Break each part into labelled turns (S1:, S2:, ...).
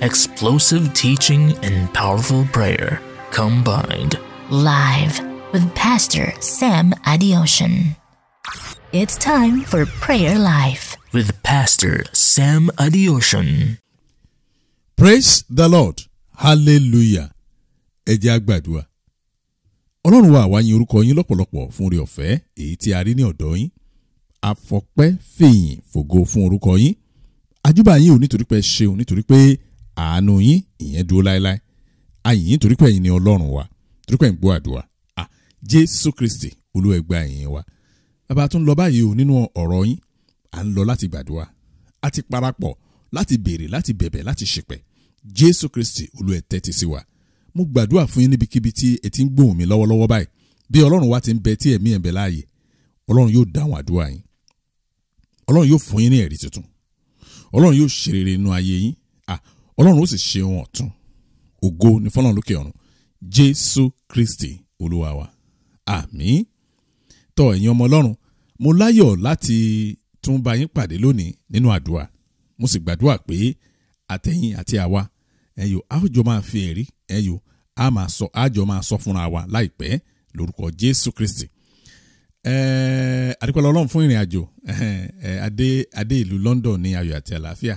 S1: explosive teaching and powerful prayer combined. Live with Pastor Sam Adiocean. It's time for Prayer Life with Pastor Sam Adiocean. Praise the Lord. Hallelujah. Ẹ jẹ́ á gbàdúrà. Ọlọ́run wa àwa yin orúkọ yín lọ́pọ̀lọpọ̀ fún oore ọ̀fẹ́ èyí tí a rí ní ọ̀dọ̀ yín. Àfọpẹ́ fìyìn fògo fún orúkọ yín. Àjúbà yín ò nítorí pé ṣeun nítorí pé àánú yín ìyẹn dúró láéláé ayìn yín torí pé ẹ̀yin ni ọlọ́run wa torí pé ẹ̀yin àdúrà ah jésù kristi olúwa ẹ gba ìyìn wa bàbá tún lọ báyìí o nínú ọ̀rọ̀ yín à ń lọ láti gbàdúrà a ti parapọ̀ láti béèrè láti bẹ̀bẹ̀ láti ṣèpẹ̀ jésù kristi olúwa ẹ tẹ́tí sí wa mo gbàdúrà fún yín níbikíbi tí ẹ ti ń gbóhùn mi lọ́wọ́lọ́wọ́ báyìí bí ọlọ́run wa ti ń bẹ tí ẹ̀mí ẹ̀ ọlọ́run yóò dáhùn nínú ayé yín ọlọ́run ó sì ṣe ohun ọ̀tun ògo ni fọlọ́run lókè ọ̀run jésù kristi olúwa wa àmín tọ ẹ̀yin ọmọ ọlọ́run mo láyọ̀ láti tún bá yín pàdé lónìí nínú àdúrà mo sì gbàdúrà pé àtẹ̀yin àti àwa ẹ̀yọ̀ àjọ máa fi ẹ̀rí ẹ̀yọ̀ àjọ máa sọ fúnra wa láìpẹ́ lórúkọ jésù kristi adúpẹ́ lọ́lọ́run fún ìrìn àjò Ade ìlú london ní ayọ̀ àti àlàáfíà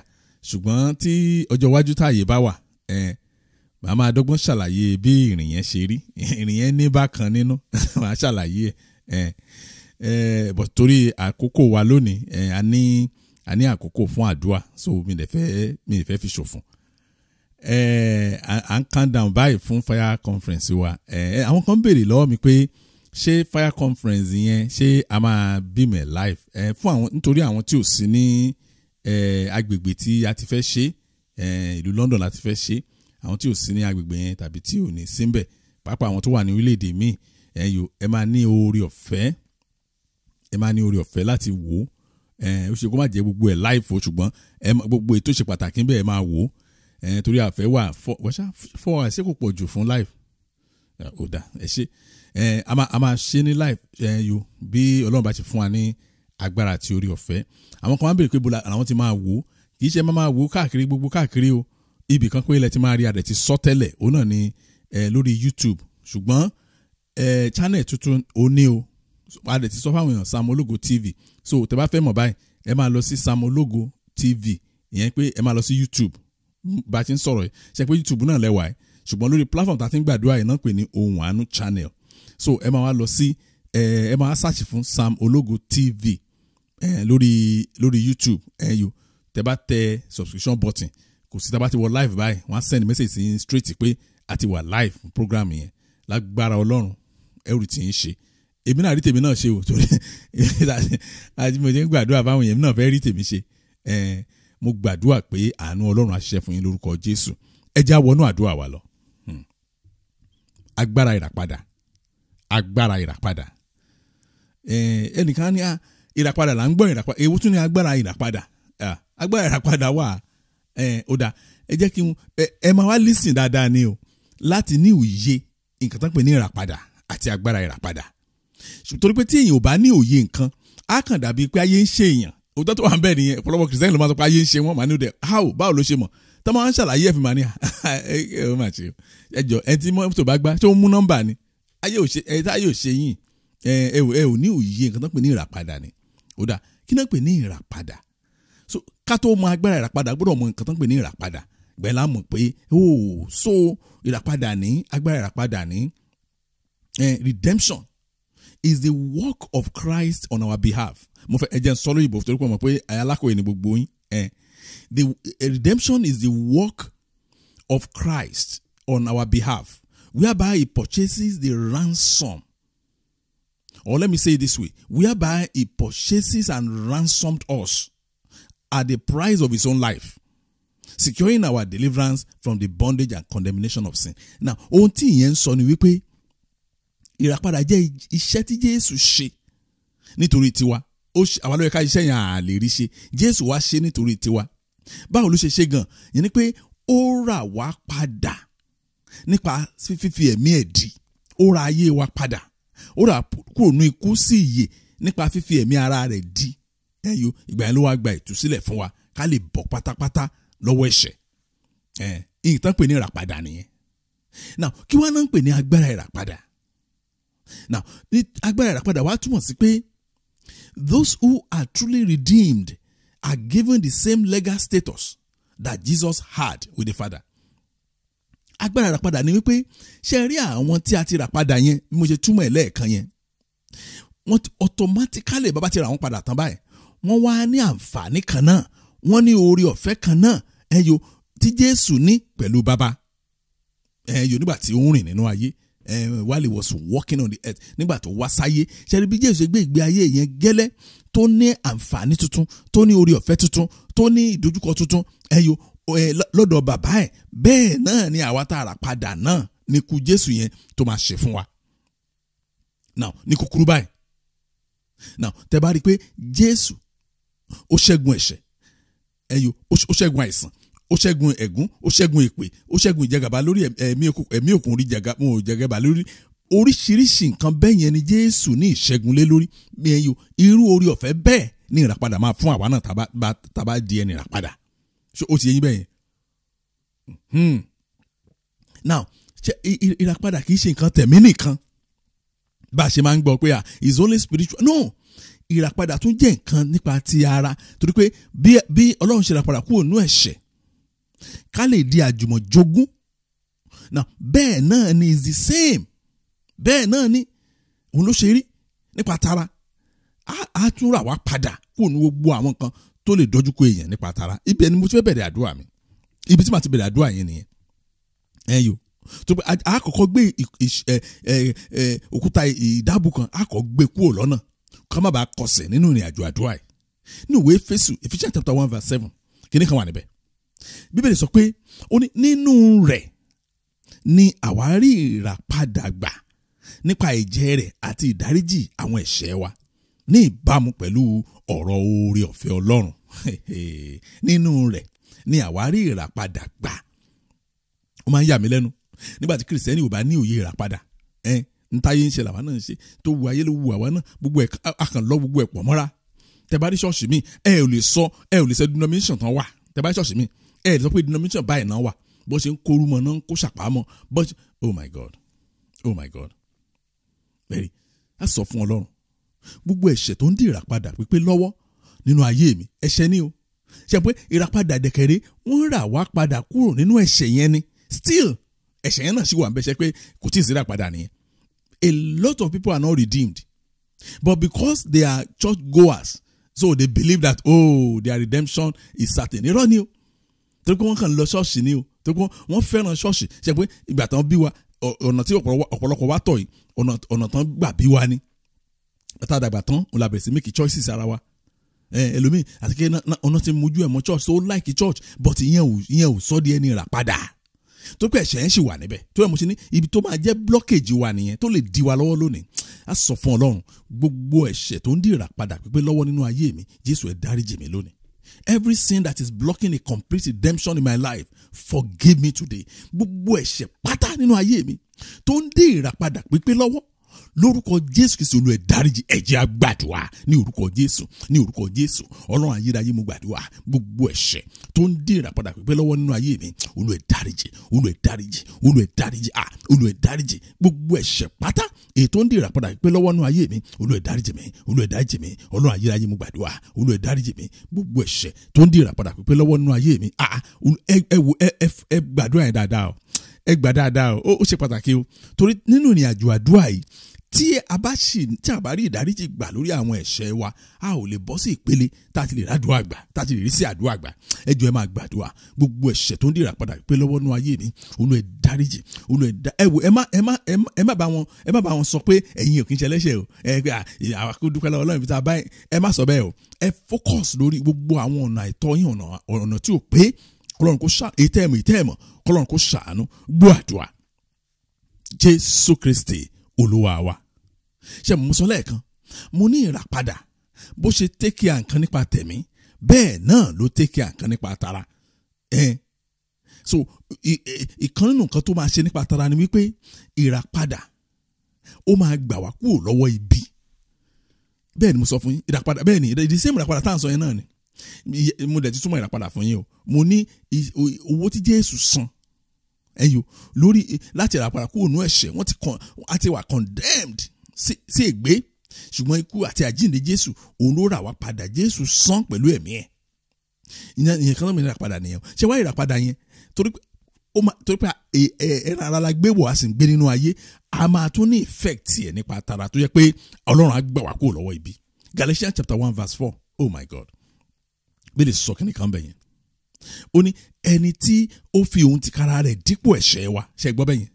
S1: ṣùgbọ́n tí ọjọ́ iwájú táàyè bá wà màá máa dọ́gbọ́n ṣàlàyé bí ìrìn yẹn ṣe rí ìrìn yẹn ní bákan nínú màá ṣàlàyé ẹ̀ bọ̀ torí àkókò wa lónìí a ní a ní àkókò fún àdúrà so mi lè fẹ́ mi lè fẹ́ fi ṣòfò à ń calm down báyìí fún fire conference wa àwọn kan béèrè lọ́wọ́ mi pé ṣé fire conference yẹn ṣé a máa beam ẹ̀ live fún àwọn nítorí àwọn tí ò sí ní. Eh, Eh, agbègbè tí a ti fẹ́ ṣe eh, ìlú London la ti fẹ́ ṣe àwọn tí ò sí ní agbègbè yẹn tàbí tí ò ní síbẹ̀ pàápàá àwọn tó wà ní orílẹ̀-èdè míì eh, ẹ máa ní oore ọ̀fẹ́ ẹ máa ní oore ọ̀fẹ́ láti wò ó ó ṣe kó má jẹ́ gbogbo ẹ̀ láìfò ṣùgbọ́n gbogbo ètò ṣe pàtàkì ń máa wò ó torí àfẹ́ wà wọ́ṣà fọ́ ẹ̀ ṣé kò pọ̀ jù fún live ọ̀dà ẹ̀ ṣe a máa ṣe ní live yo bí Ọlọ́run bá ti fún wa ní agbára àti orí ọ̀fẹ́ àwọn kan máa ń béèrè pé bó làwọn ti máa wò ó kì í ṣe máa wò ó káàkiri gbogbo káàkiri o ibì kan pé ilẹ̀ ti máa rí adẹ̀ ti sọ tẹ́lẹ̀ òun náà ni lórí YouTube ṣùgbọ́n channel tuntun ó ní o adẹ̀ ti sọ fáwọn èèyàn Sam TV so tẹ́ bá fẹ́ mọ̀ báyìí ẹ máa lọ sí Sam TV ìyẹn pé ẹ máa lọ sí YouTube bá a ti ń sọ̀rọ̀ yìí ṣe pé YouTube náà lẹ́wà ẹ̀ ṣùgbọ́n lórí platform tá a ti ń gbàdúrà yìí náà pè ní Ohùn Àánú channel so ẹ máa wá lọ sí ẹ máa wá fún Sam TV eh, lórí lórí YouTube eh, yo tẹ bá tẹ subscription button kò sí tábà ti wọ live báyìí wọ́n á send message sí straight pé a ti wà live program yẹn lágbára Ọlọ́run ẹrù tí ń ṣe èmi náà rí tèmi náà ṣe o torí àjùmọ̀jẹ ń gbàdúrà báwọn yẹn náà fẹ́ rí tèmi ṣe eh, mo gbàdúrà pé àánú Ọlọ́run á ṣiṣẹ́ fún yín lórúkọ Jésù ẹ wọnú àdúrà wa lọ hmm. agbára ìràpadà agbára ìràpadà eh, ẹnìkan ní a. Ah, ìràpadà là ń gbọ́ ìràpadà èwo tún ni agbára ìràpadà agbára ìràpadà wà ó dà ẹ jẹ́ kí n ẹ máa wá lísìn dáadáa ni o láti ní òye nǹkan tó ń pè ní ìràpadà àti agbára ìràpadà torí pé tí èèyàn ò bá ní òye nǹkan á kàn dàbí pé ayé ń ṣe èèyàn òótọ́ tó wà ń bẹ̀ nìyẹn ọ̀pọ̀lọpọ̀ kìrìsìtẹ́nì ló máa sọ pé ayé ń ṣe wọ́n màá ní òde how báwo ló ṣe mọ̀ tó máa ń ṣàlàyé ẹ̀fìn màá ní ẹ̀rọ màá ṣe ẹjọ ẹ ti mọ tó bá gbá tó ń mú nọ́mbà ni ayé ò ṣe yín ẹ ò ní òye nǹkan tó ń pè ní ìràpadà ni Oda, dà kí náà pè ní ìràpadà so ká tó mọ agbára ìràpadà gbọ́dọ̀ mọ nǹkan tó ń pè ní ìràpadà gbẹ̀ẹ́ mọ̀ pé oh so ìràpadà ní agbára ìràpadà ní eh, redemption is the work of Christ on our behalf mo fẹ́ ẹ jẹ́ n sọ lóyìnbó torí pé mo mọ̀ pé ayálákòye ni gbogbo yín eh, the eh, redemption is the work of Christ on our behalf whereby he purchases the ransom Or let me say it this way whereby he purchases and ransomed us at the price of his own life, securing our deliverance from the bondage and condemnation of sin. Now, ohun tí ìyẹn ń sọ ni wípé ìràpadà jẹ́ iṣẹ́ tí Jésù ṣe nítorí tiwa. Àwa ló yẹ ká iṣẹ́ yẹn à lè rí ṣe. Jésù wá ṣe nítorí tiwa. Báwo ló ṣe ṣe gan? Yẹn ni pé ó rà wá padà nípa fífi ẹ̀mí ẹ̀ di. Ó ra ayé wa padà ó rà kúrò nú ikú sí ìyè nípa fífi ẹ̀mí ara rẹ̀ di ẹ̀yọ ìgbà yẹn ló wá gba ìtúsílẹ̀ fún wa ká lè bọ̀ pátápátá lọ́wọ́ ẹ̀ṣẹ̀ ẹ̀ nǹkan pè ní ìràpadà nìyẹn now kí wọ́n náà ń pè ní agbára ìràpadà now agbára ìràpadà wa túmọ̀ sí pé those who are truly redeemed are given the same legal status that Jesus had with the Father agbára ìràpadà ni wípé ṣe rí àwọn tí a ti rà padà yẹn bí mo ṣe túmọ̀ ẹ̀ lẹ́ẹ̀kan yẹn wọ́n automatically bàbá ti rà wọ́n padà tán báyìí wọ́n wá ní àǹfààní kan náà wọ́n ní oore ọ̀fẹ́ kan náà ẹ̀yọ tí Jésù ní pẹ̀lú bàbá ẹ̀yọ nígbà tí ó ń rìn nínú ayé while he was walking on the earth nígbà tó wá sáyé ṣẹ́ni bí Jésù gbé ìgbé ayé yẹn gẹ́lẹ́ tó ní àǹfààní tuntun tó ní oore ọ̀fẹ́ tuntun tó ní ìdojúkọ tuntun ẹ̀yọ Eh, lọ́dọ̀ bàbá ẹ̀ bẹ́ẹ̀ náà ni àwa tá a rà padà náà ni ikú Jésù yẹn tó máa ṣe fún wa now ni kúkúrú báyìí now tẹ bá rí i pé Jésù ó ṣẹ́gun ẹ̀ṣẹ̀ ẹ̀yọ ó ṣẹ́gun àìsàn ó ṣẹ́gun ẹ̀gún ó ṣẹ́gun èpè ó ṣẹ́gun ìjẹgàba lórí ẹ̀mí òkun orí ìjẹgàba lórí oríṣiríṣi nǹkan bẹ́ẹ̀ yẹn ni Jésù ní ìṣẹ́gun lé lórí ẹ̀yọ irú orí ọ̀fẹ́ bẹ́ẹ̀ ní ìràpadà máa fún àwa náà tá bá di ẹni ìràpadà ṣé ó ti yé yín bẹ́ẹ̀ yẹn hmm. now ṣe ìràpadà kì í ṣe nǹkan tẹ̀mí nìkan bá a ṣe máa ń gbọ́ pé ah is only spiritual no ìràpadà tún jẹ́ nǹkan nípa ti ara torí pé bí ọlọ́run ṣe ràpadà kúrò nú ẹ̀ṣẹ̀ ká lè di àjùmọ̀jogún now bẹ́ẹ̀ náà ni is the same bẹ́ẹ̀ náà ni òun ló ṣe rí nípa tara á tún rà wá padà kúrò ní gbogbo àwọn nǹkan tó lè dojú kọ èèyàn nípa tara ibẹ̀ ni mo ti fẹ́ bẹ̀rẹ̀ àdúrà mi ibi tí màá ti bẹ̀rẹ̀ àdúrà yẹn nìyẹn ẹ̀yọ́ tó pé àkọ́kọ́ gbé òkúta ìdábù kan àkọ́ gbé kúrò lọ́nà ká má bàa kọsẹ̀ nínú ìrìn àjò àdúrà yìí ní ìwé Éfésù Ephesians chapter one verse seven kìíní kan wà níbẹ̀ bíbélì sọ pé ó nínú rẹ̀ ni àwa rí ìràpadà gbà nípa ìjẹ rẹ̀ àti ìdáríjì àwọn ẹ̀ṣẹ̀ wa ní ìbámu pẹ̀lú ọ̀rọ̀ oore ọ̀fẹ́ ọlọ́run nínú rẹ̀ ni àwárí ìràpadà gbà ó máa ń yà mí lẹ́nu nígbà tí kìrìsìtẹ́nì ò bá ní òye ìràpadà ntáyé ń ṣe làwa náà ń ṣe tó wu ayé ló wu àwa náà gbogbo ẹ̀ àkànlọ́ gbogbo ẹ̀ pọ̀ mọ́ra tẹ bá mi ẹ ò lè sọ ẹ ò lè sọ denomination tán wà tẹ bá mi ẹ ò lè sọ pé denomination báyìí náà wà bó ṣe ń korú mọ náà ń kó ṣàpámọ́ bó ṣe oh my god oh my god bẹ́ẹ̀ ni a sọ fún ọlọ́run gbogbo ẹ̀ṣẹ̀ tó ń di ìràpadà pípé lọ́wọ́ nínú ayé mi ẹ̀ṣẹ̀ ni o ṣe pé ìràpadà dẹ̀kẹ̀rẹ́ wọ́n rà wá padà kúrò nínú ẹ̀ṣẹ̀ yẹn ni still ẹ̀ṣẹ̀ yẹn náà sì wà ń bẹ́ṣẹ́ pé kò tí ì sí ìràpadà nìyẹn a lot of people are not redeemed but because they are church goers so they believe that oh their redemption is certain irọ́ ni o torí pé wọ́n kàn lọ ṣọ́ọ̀ṣì ni o torí pé wọ́n fẹ́ràn ṣọ́ọ̀ṣì ṣe pé ìgbà tán bí wa ọ̀nà tí ọ̀pọ̀lọpọ̀ wa tọ̀ yìí ọ̀nà tán gbà bí wa ni tá a dàgbà tán òun la bẹ̀rẹ̀ sí make choices ara wa ẹlòmíì àti kí ọ̀nà ti mojú ẹ̀ mọ́ church tó like church but ìyẹn ò ìyẹn ò sọ́ di ẹni rà padà tó pẹ́ ẹ̀ṣẹ̀ ń ṣì wà níbẹ̀ tó yẹ mo ṣe ní ibi tó máa jẹ́ blockage wa nìyẹn tó lè di wa lọ́wọ́ lónìí a sọ fún ọlọ́run gbogbo ẹ̀ṣẹ̀ tó ń di ìràpadà pípé lọ́wọ́ nínú ayé mi jésù ẹ̀ dáríjì mi lónìí every sin that is blocking a complete redemption in my life forgive me today gbogbo ẹ̀ṣẹ̀ pátá nínú ayé mi tó ń di ìràpadà pípé lọ́wọ́ lórúkọ jésù kìí ṣe olú ẹ dáríjì ẹjẹ agbàdúrà ní orúkọ jésù ní orúkọ jésù ọlọ́run ayérayé mo gbàdúrà gbogbo ẹ̀ṣẹ̀ tó ń dé ìràpadà pípẹ́ lọ́wọ́ nínú ayé mi olú ẹ dáríjì olú ẹ dáríjì olú ẹ dáríjì à olú ẹ dáríjì gbogbo ẹ̀ṣẹ̀ pátá èyí tó ń dé ìràpadà pípẹ́ lọ́wọ́ nínú ayé mi olú ẹ dáríjì mi olú ẹ dáríjì mi ọlọ́run ayérayé mo gbàdúrà olú ẹ dáríjì mi gbogbo ẹ̀ṣẹ̀ tó ń dé ìràpadà pípẹ́ lọ́wọ́ nínú ayé mi o torí nínú ìrìn àjò àdúrà yìí tí a bá sì tí a bá rí ìdáríjì gbà lórí àwọn ẹ̀ṣẹ̀ wa a ò lè bọ́ sí ìpele tá a ti lè ràdúrà gbà tá a ti lè rí sí àdúrà gbà ẹ jọ̀ọ́ ẹ máa gbàdúrà gbogbo ẹ̀ṣẹ̀ tó ń dìrà padà pé lọ́wọ́ nú ayé mi olú ẹ dáríjì olú ẹ dá ẹ wò ẹ má ẹ má ẹ má bá wọn ẹ má bá wọn sọ pé ẹ̀yin ò kì í ṣe ẹlẹ́ṣẹ̀ o ẹ pé àwọn akódúpẹ́ lọ́wọ́ Ọlọ́run fi ta báyìí ẹ má sọ bẹ́ẹ̀ o ẹ focus lórí gbogbo àwọn ọ̀nà àìtọ́ yín ọ̀nà tí ò pé Ọlọ́run kó ṣàánú èyí tẹ́ ẹ̀ mọ̀ èyí tẹ́ ẹ̀ mọ̀ Ọlọ́run kó ṣàánú gbọ́ àdúrà Jésù Kristi Olúwa wa ṣe mo sọ lẹ́ẹ̀kan mo ní ìràpadà bó ṣe tẹ́kì àǹkan nípa tẹ̀mí bẹ́ẹ̀ náà ló tẹ́kì àǹkan nípa tara ẹn so ìkan nínú nǹkan tó máa ṣe nípa tara ni wípé ìràpadà ó máa gbà wá kúrò lọ́wọ́ ibi bẹ́ẹ̀ ni mo sọ fún yín ìràpadà bẹ́ẹ̀ ni ìdí sẹ́mi ìràpadà tá à ń sọ yẹn náà ni mo dẹ̀ ti túmọ̀ ìràpadà fún yín o mo ní owó tí Jésù san ẹ̀yọ́ lórí láti ìràpadà kúrò nú ẹ̀ṣẹ̀ wọ́n ti wà condemned sí ègbé ṣùgbọ́n ikú àti àjíǹde jésù òun ló rà wá padà jésù san pẹ̀lú ẹ̀mí ẹ̀ ìyẹn kan náà mi rà padà nìyẹn ṣé wáyé rà padà yẹn torí pé ó máa torí pé ẹran ara la gbé wọ̀ a sì ń gbé nínú ayé a máa tún ní effect ẹ̀ nípa tara tó yẹ pé ọlọ́run á gbà wá kúrò lọ́wọ́ ibi Galatians chapter one verse four oh my god bí lè sọ kíni kan bẹ̀ yẹn ó ní ẹni tí ó fi òun tìkára rẹ̀ dípò ẹ̀ṣẹ̀ wa ṣe gbọ́ bẹ́yẹn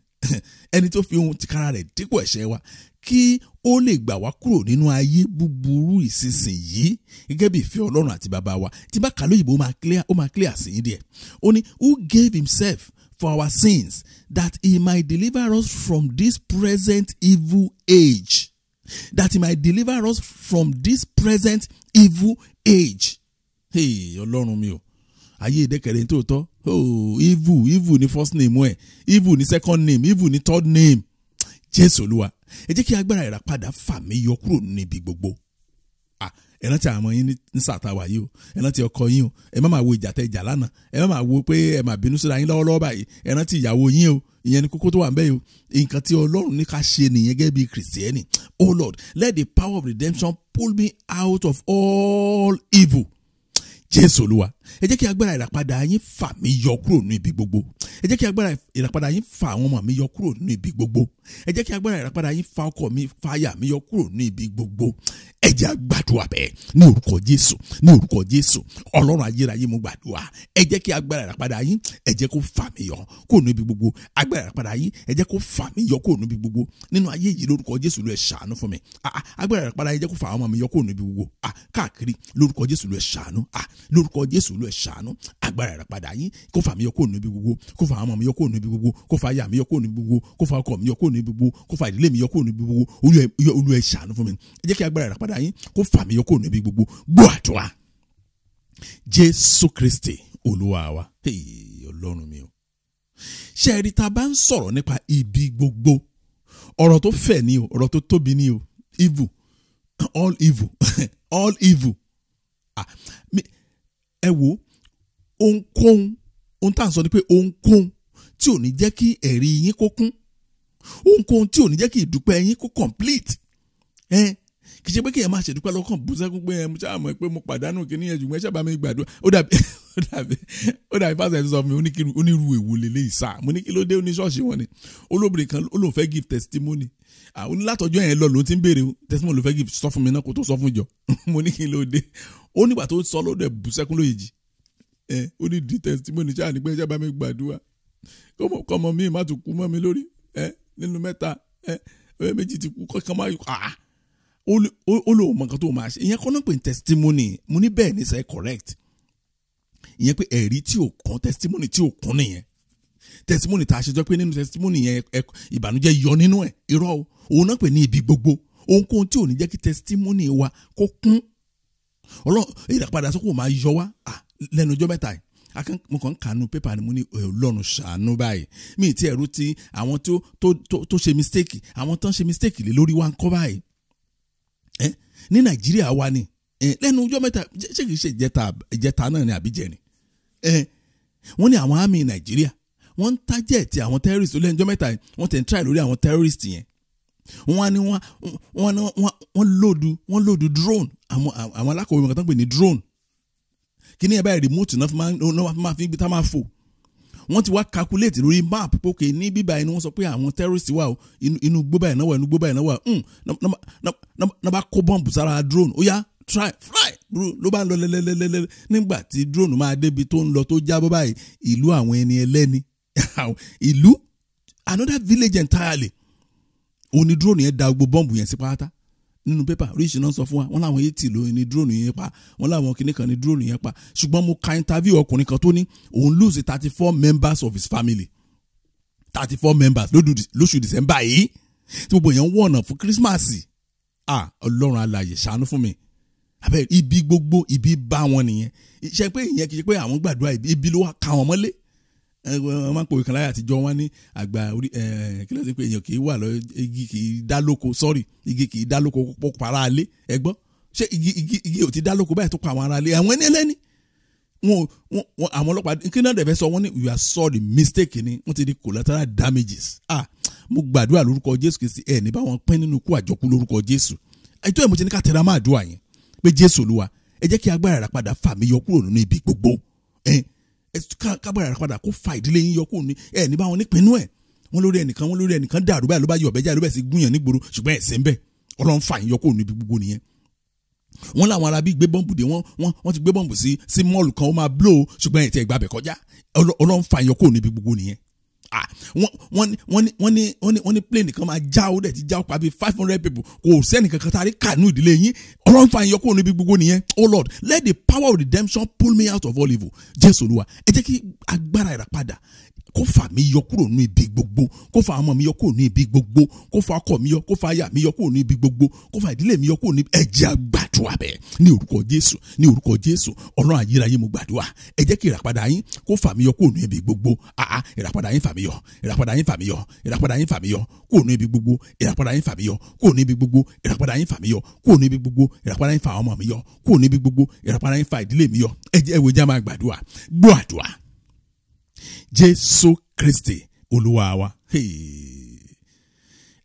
S1: ẹni tó fi ohun tìkára rẹ̀ dípò ẹ̀ṣẹ̀ wa kí ó lè gbà wá kúrò nínú ayé búburú ìsinsìnyí gẹ́gẹ́ bí ìfẹ́ ọlọ́run àti bàbá wa tí bá kàlóyè bó ó máa clear sí yín díẹ̀ ó ní who gave himself for our sins that he might deliver us from this present evil age that he might deliver us from this present evil age hey ọlọ́run mi o ayé ìdẹ́kẹ̀rẹ́ ní tòótọ́ oh evil evil ni first name ẹ̀ evil ni second name evil ni third name jésù olúwa ẹ jẹ́ kí agbára ìràpadà fà mí yọ kúrò níbi gbogbo ẹ rántí àwọn yín ní sàtàwà yìí o ẹ rántí ọkọ yín o ẹ má máa wo ìjà tẹ ìjà lánàá ẹ má máa wo pé ẹ máa bínú síra yín lọ́wọ́lọ́wọ́ báyìí ẹ rántí ìyàwó yín o ìyẹn ni kókó tó wà ń bẹ́ẹ̀ o nǹkan tí ọlọ́run ní ká ṣe nìyẹn gẹ́gẹ́ bí kìrìsìtẹ́nì oh lord let the power of redemption pull me out of all evil jésù olúwa ẹ jẹ́ kí agbára ìràpadà yín fà mí yọ kúrò ní ibi gbogbo ẹ jẹ́ kí agbára ìràpadà yín fà àwọn ọmọ mi yọ kúrò ní ibi gbogbo ẹ jẹ́ kí agbára ìràpadà yín fà ọkọ mi fà aya mi yọ kúrò ní ibi gbogbo ẹ jẹ́ àgbàdua bẹ́ẹ̀ ní orúkọ jésù ní orúkọ jésù ọlọ́run ayérayé mo gbàdúrà ẹ jẹ́ kí agbára ìràpadà yín ẹ jẹ́ kó fà mí yọ kúrò ní ibi gbogbo agbára ìràpadà yín ẹ jẹ́ kó fà mí yọ kúrò ní ibi gbogbo nínú ayé yìí lórúkọ jésù ló ẹ ṣàánú fún mi ah, ah, agbára ìràpadà yín ẹ jẹ́ kó fà àwọn ọmọ mi yọ kúrò ní ibi gbogbo ah, káàkiri lórúkọ jésù ló ẹ ṣàánú lórúkọ jésù ló ẹ ṣàánú agbára ìràpadà yín kó fà mí yọ kó níbi gbogbo kó fà ọmọ mi yọ kó níbi gbogbo kó fà aya mi yọ kó níbi gbogbo kó fà ọkọ mi yọ kó níbi gbogbo kó fà ìdílé mi yọ kó níbi gbogbo olú ẹ ṣàánú fún mi ẹ jẹ́ kí agbára ìràpadà yín kó fà mí yọ kó níbi gbogbo gbọ́ àdúrà jésù kristi olúwa wa ọlọ́run mi o ṣe ẹ̀rí tá bá ń sọ̀rọ̀ nípa ibi gbogbo ọ̀rọ̀ tó fẹ̀ ni o ọ̀rọ̀ tó tóbi ni o evil all evil all evil ah, mi, ẹ wo ohunkóhun ohun tá à ń sọ ni pé ohunkóhun tí ò ní jẹ́ kí ẹ̀rí yín kó kún ohunkóhun tí ò ní jẹ́ kí ìdúpẹ́ yín kó complete ẹ kì í ṣe pé kí ẹ máa ṣèdúpẹ́ lọ́kàn bú sẹ́kún pé ẹ ṣáà mọ̀ pé mo pàdánù kíní ẹ̀ jùgbọ́n ẹ ṣáà bá mi gbàdúrà ó dàbí ó dàbí ó dàbí pásítọ̀ ẹ̀ mi onírú èwo lélẹ́yìí sáà mo ní kí ló dé oníṣọ́ọ̀ṣì wọn ni olóbìnrin kan ó lóun fẹ́ give testimony àwọn látọjọ́ yẹn lọ ló ti ń béèrè testimony ló fẹ́ give sọ fún mi náà kó tó sọ fún jọ mo ní kí ló dé ó nígbà tó sọ ló dẹ̀ bú sẹ́kún lóyèjì ẹ ó ní di testimony ṣáà ní pé ẹ ṣáà bá mi gbàdúrà kọ́mọ mi má tún kú mọ́ mi lórí ẹ nínú mẹ́ta ẹ ó lò mọ nǹkan tó máa ṣe ìyẹn kọ́ náà pé testimony mo ní bẹ́ẹ̀ ní sẹ́ correct ìyẹn pé ẹ̀rí tí ò kún testimony tí ò kún nìyẹn testimony tá a ṣe jọ pé nínú testimony yẹn ìbànújẹ́ yọ nínú ẹ̀ irọ́ o òun náà pè ní ibi gbogbo ohunkóhun tí ò ní jẹ́ kí testimony wa kó kún ọlọ́run ìdàpadà sọ́kò máa yọ wá lẹ́nu ọjọ́ mẹ́ta yìí mo kàn ń kànú pépà ni mo ní ọlọ́run ṣàánú báyìí mi ti ẹ̀rú ti àwọn tó ṣe mistake àwọn tó ń ṣe mistake lé lórí wa ń kọ́ báyìí Eh? ní nàìjíríà wa ni eh, lẹnu ọjọ́ mẹ́ta ṣé kìí ṣe ìjẹta náà ni àbí jẹrin eh, wọ́n ní àwọn àmì nàìjíríà wọ́n ń tájẹ̀tì àwọn terrorist lẹ́nu ọjọ́ mẹ́ta wọ́n tẹ̀ ń try lórí àwọn terrorist yẹn wọ́n ní wọ́n wọ́n lòdù wọ́n lòdù drone àwọn alákọ̀wé wọn kan tó ń pè ní drone kí ni ẹ báyìí remote náà máa fi gbé tá máa fò wọ́n ti wá calculate lórí map pókè ní bíbá ẹni wọ́n sọ pé àwọn terrorist wà o inú gbóbá ìnáwó inú gbóbá ìnáwó náà hmm, bá kó bọ́ǹbù sára drone ó yá try fly bro ló bá ń lọ lẹ́lẹ́lẹ́lẹ́lẹ́ nígbà tí drone máa débi tó ń lọ tó jábọ́ báyìí ìlú àwọn ẹni ẹlẹ́ni ìlú another village entirely òní drone yẹn da gbogbo bọ́ǹbù yẹn sí pátá nínú pépà oríṣi náà sọ fún wa wọ́n láwọn eighty ló ní drone yẹn pa wọ́n láwọn kinní kan ní drone yẹn pa ṣùgbọ́n mo ka interview ọkùnrin kan tó ní òun lose thirty four members of his family thirty four members lóṣù december yìí tí gbogbo èèyàn wọ̀nà fún christmas ah ọlọ́run alààyè ṣàánú fún mi abẹ́ ibi gbogbo ibi bá wọn nìyẹn ṣe pé ìyẹn kì í ṣe pé àwọn gbàdúrà ibi ló wà ká wọn mọ́lé wọ́n máa ń pòwe kan láyé àtijọ́ wọn ní àgbà orí kí ló pé èèyàn kì í wà lọ igi kì í dá lóko sorry igi kì í dá lóko pọ̀ para alé ẹ gbọ́ ṣé igi igi igi ò ti dá lóko báyìí tó pa àwọn ará alé àwọn ẹni ẹlẹ́ni wọn wọn àwọn ọlọ́pàá kí náà dẹ̀ sọ wọ́n ní you are sorry mistake ni wọ́n ti di collateral damages ah mo gbàdúrà lórúkọ Jésù kìí sí ẹ ní báwọn pín nínú ikú àjọkú lórúkọ Jésù ètò ẹ̀ mo ti ní ká tẹra máa dùn àyìn pé Jésù Olúwa ẹ jẹ́ kí agbára rà padà fà mí yọ kúrò nínú ibi gbogbo ẹ̀ eh? kábàárà padà kó fa ìdílé yín yọ kó ní ẹ ní báwọn nípinnu ẹ wọn lórí ẹnìkan wọn lórí ẹnìkan dàrú báyìí ló bá yọ ọbẹ jáde ló bẹ sí gúnyàn nígboro ṣùgbọ́n ẹsẹ ń bẹ Ọlọ́run fa yín yọ kó níbi gbogbo nìyẹn wọn làwọn arábí gbé bọ́ǹbù dé wọn wọn ti gbé bọ́ǹbù sí sí mọ́ọ̀lù kan ó máa blow ṣùgbọ́n ẹ̀ tẹ́ gbàbẹ̀ kọjá Ọlọ́run fa yín yọ kó níbi gbogbo nìyẹn Ah, wọ́n ní wọ́n ní wọ́n ní wọ́n ní plane kan máa já ó dẹ̀ ti já ó pa bíi five hundred people kò sẹ́ni kankan tá a rí kànú ìdílé yín ọlọ́run fa ìyọkúrò níbi gbogbo nìyẹn oh lord let the power of redemption pull me out of all evil jésù olúwa ẹ jẹ́ kí agbára ìràpadà kó fà mí yọ kúrò ní ibi gbogbo kó fà ọmọ mi yọ kúrò ní ibi gbogbo kó fà ọkọ mi yọ kó fà aya mi yọ kúrò ní ibi gbogbo kó fà ìdílé mi yọ kúrò ní ẹ̀jẹ̀ àgbàdua bẹ́ẹ̀ ní orúkọ Jésù ní orúkọ Jésù Ọlọ́run ayérayé mo gbàdúrà ẹ jẹ́ kí ìràpadà yín kó fà mí yọ kúrò ní ibi gbogbo àá ìràpadà yín fà mí yọ ìràpadà yín fà mí yọ ìràpadà yín fà mí yọ kúrò ní ibi gbogbo ìràpadà yín fà mí yọ kúrò ní ibi gbogbo ìràpadà yín fà mí yọ kúrò ní ibi gbogbo ìràpadà yín fà ọmọ mi yọ kúrò ní ibi gbogbo ìràpadà yín fà ìdílé mi yọ ẹ jẹ́ máa gbàdúrà gbọ́ àdúrà jésù kristi olúwa wa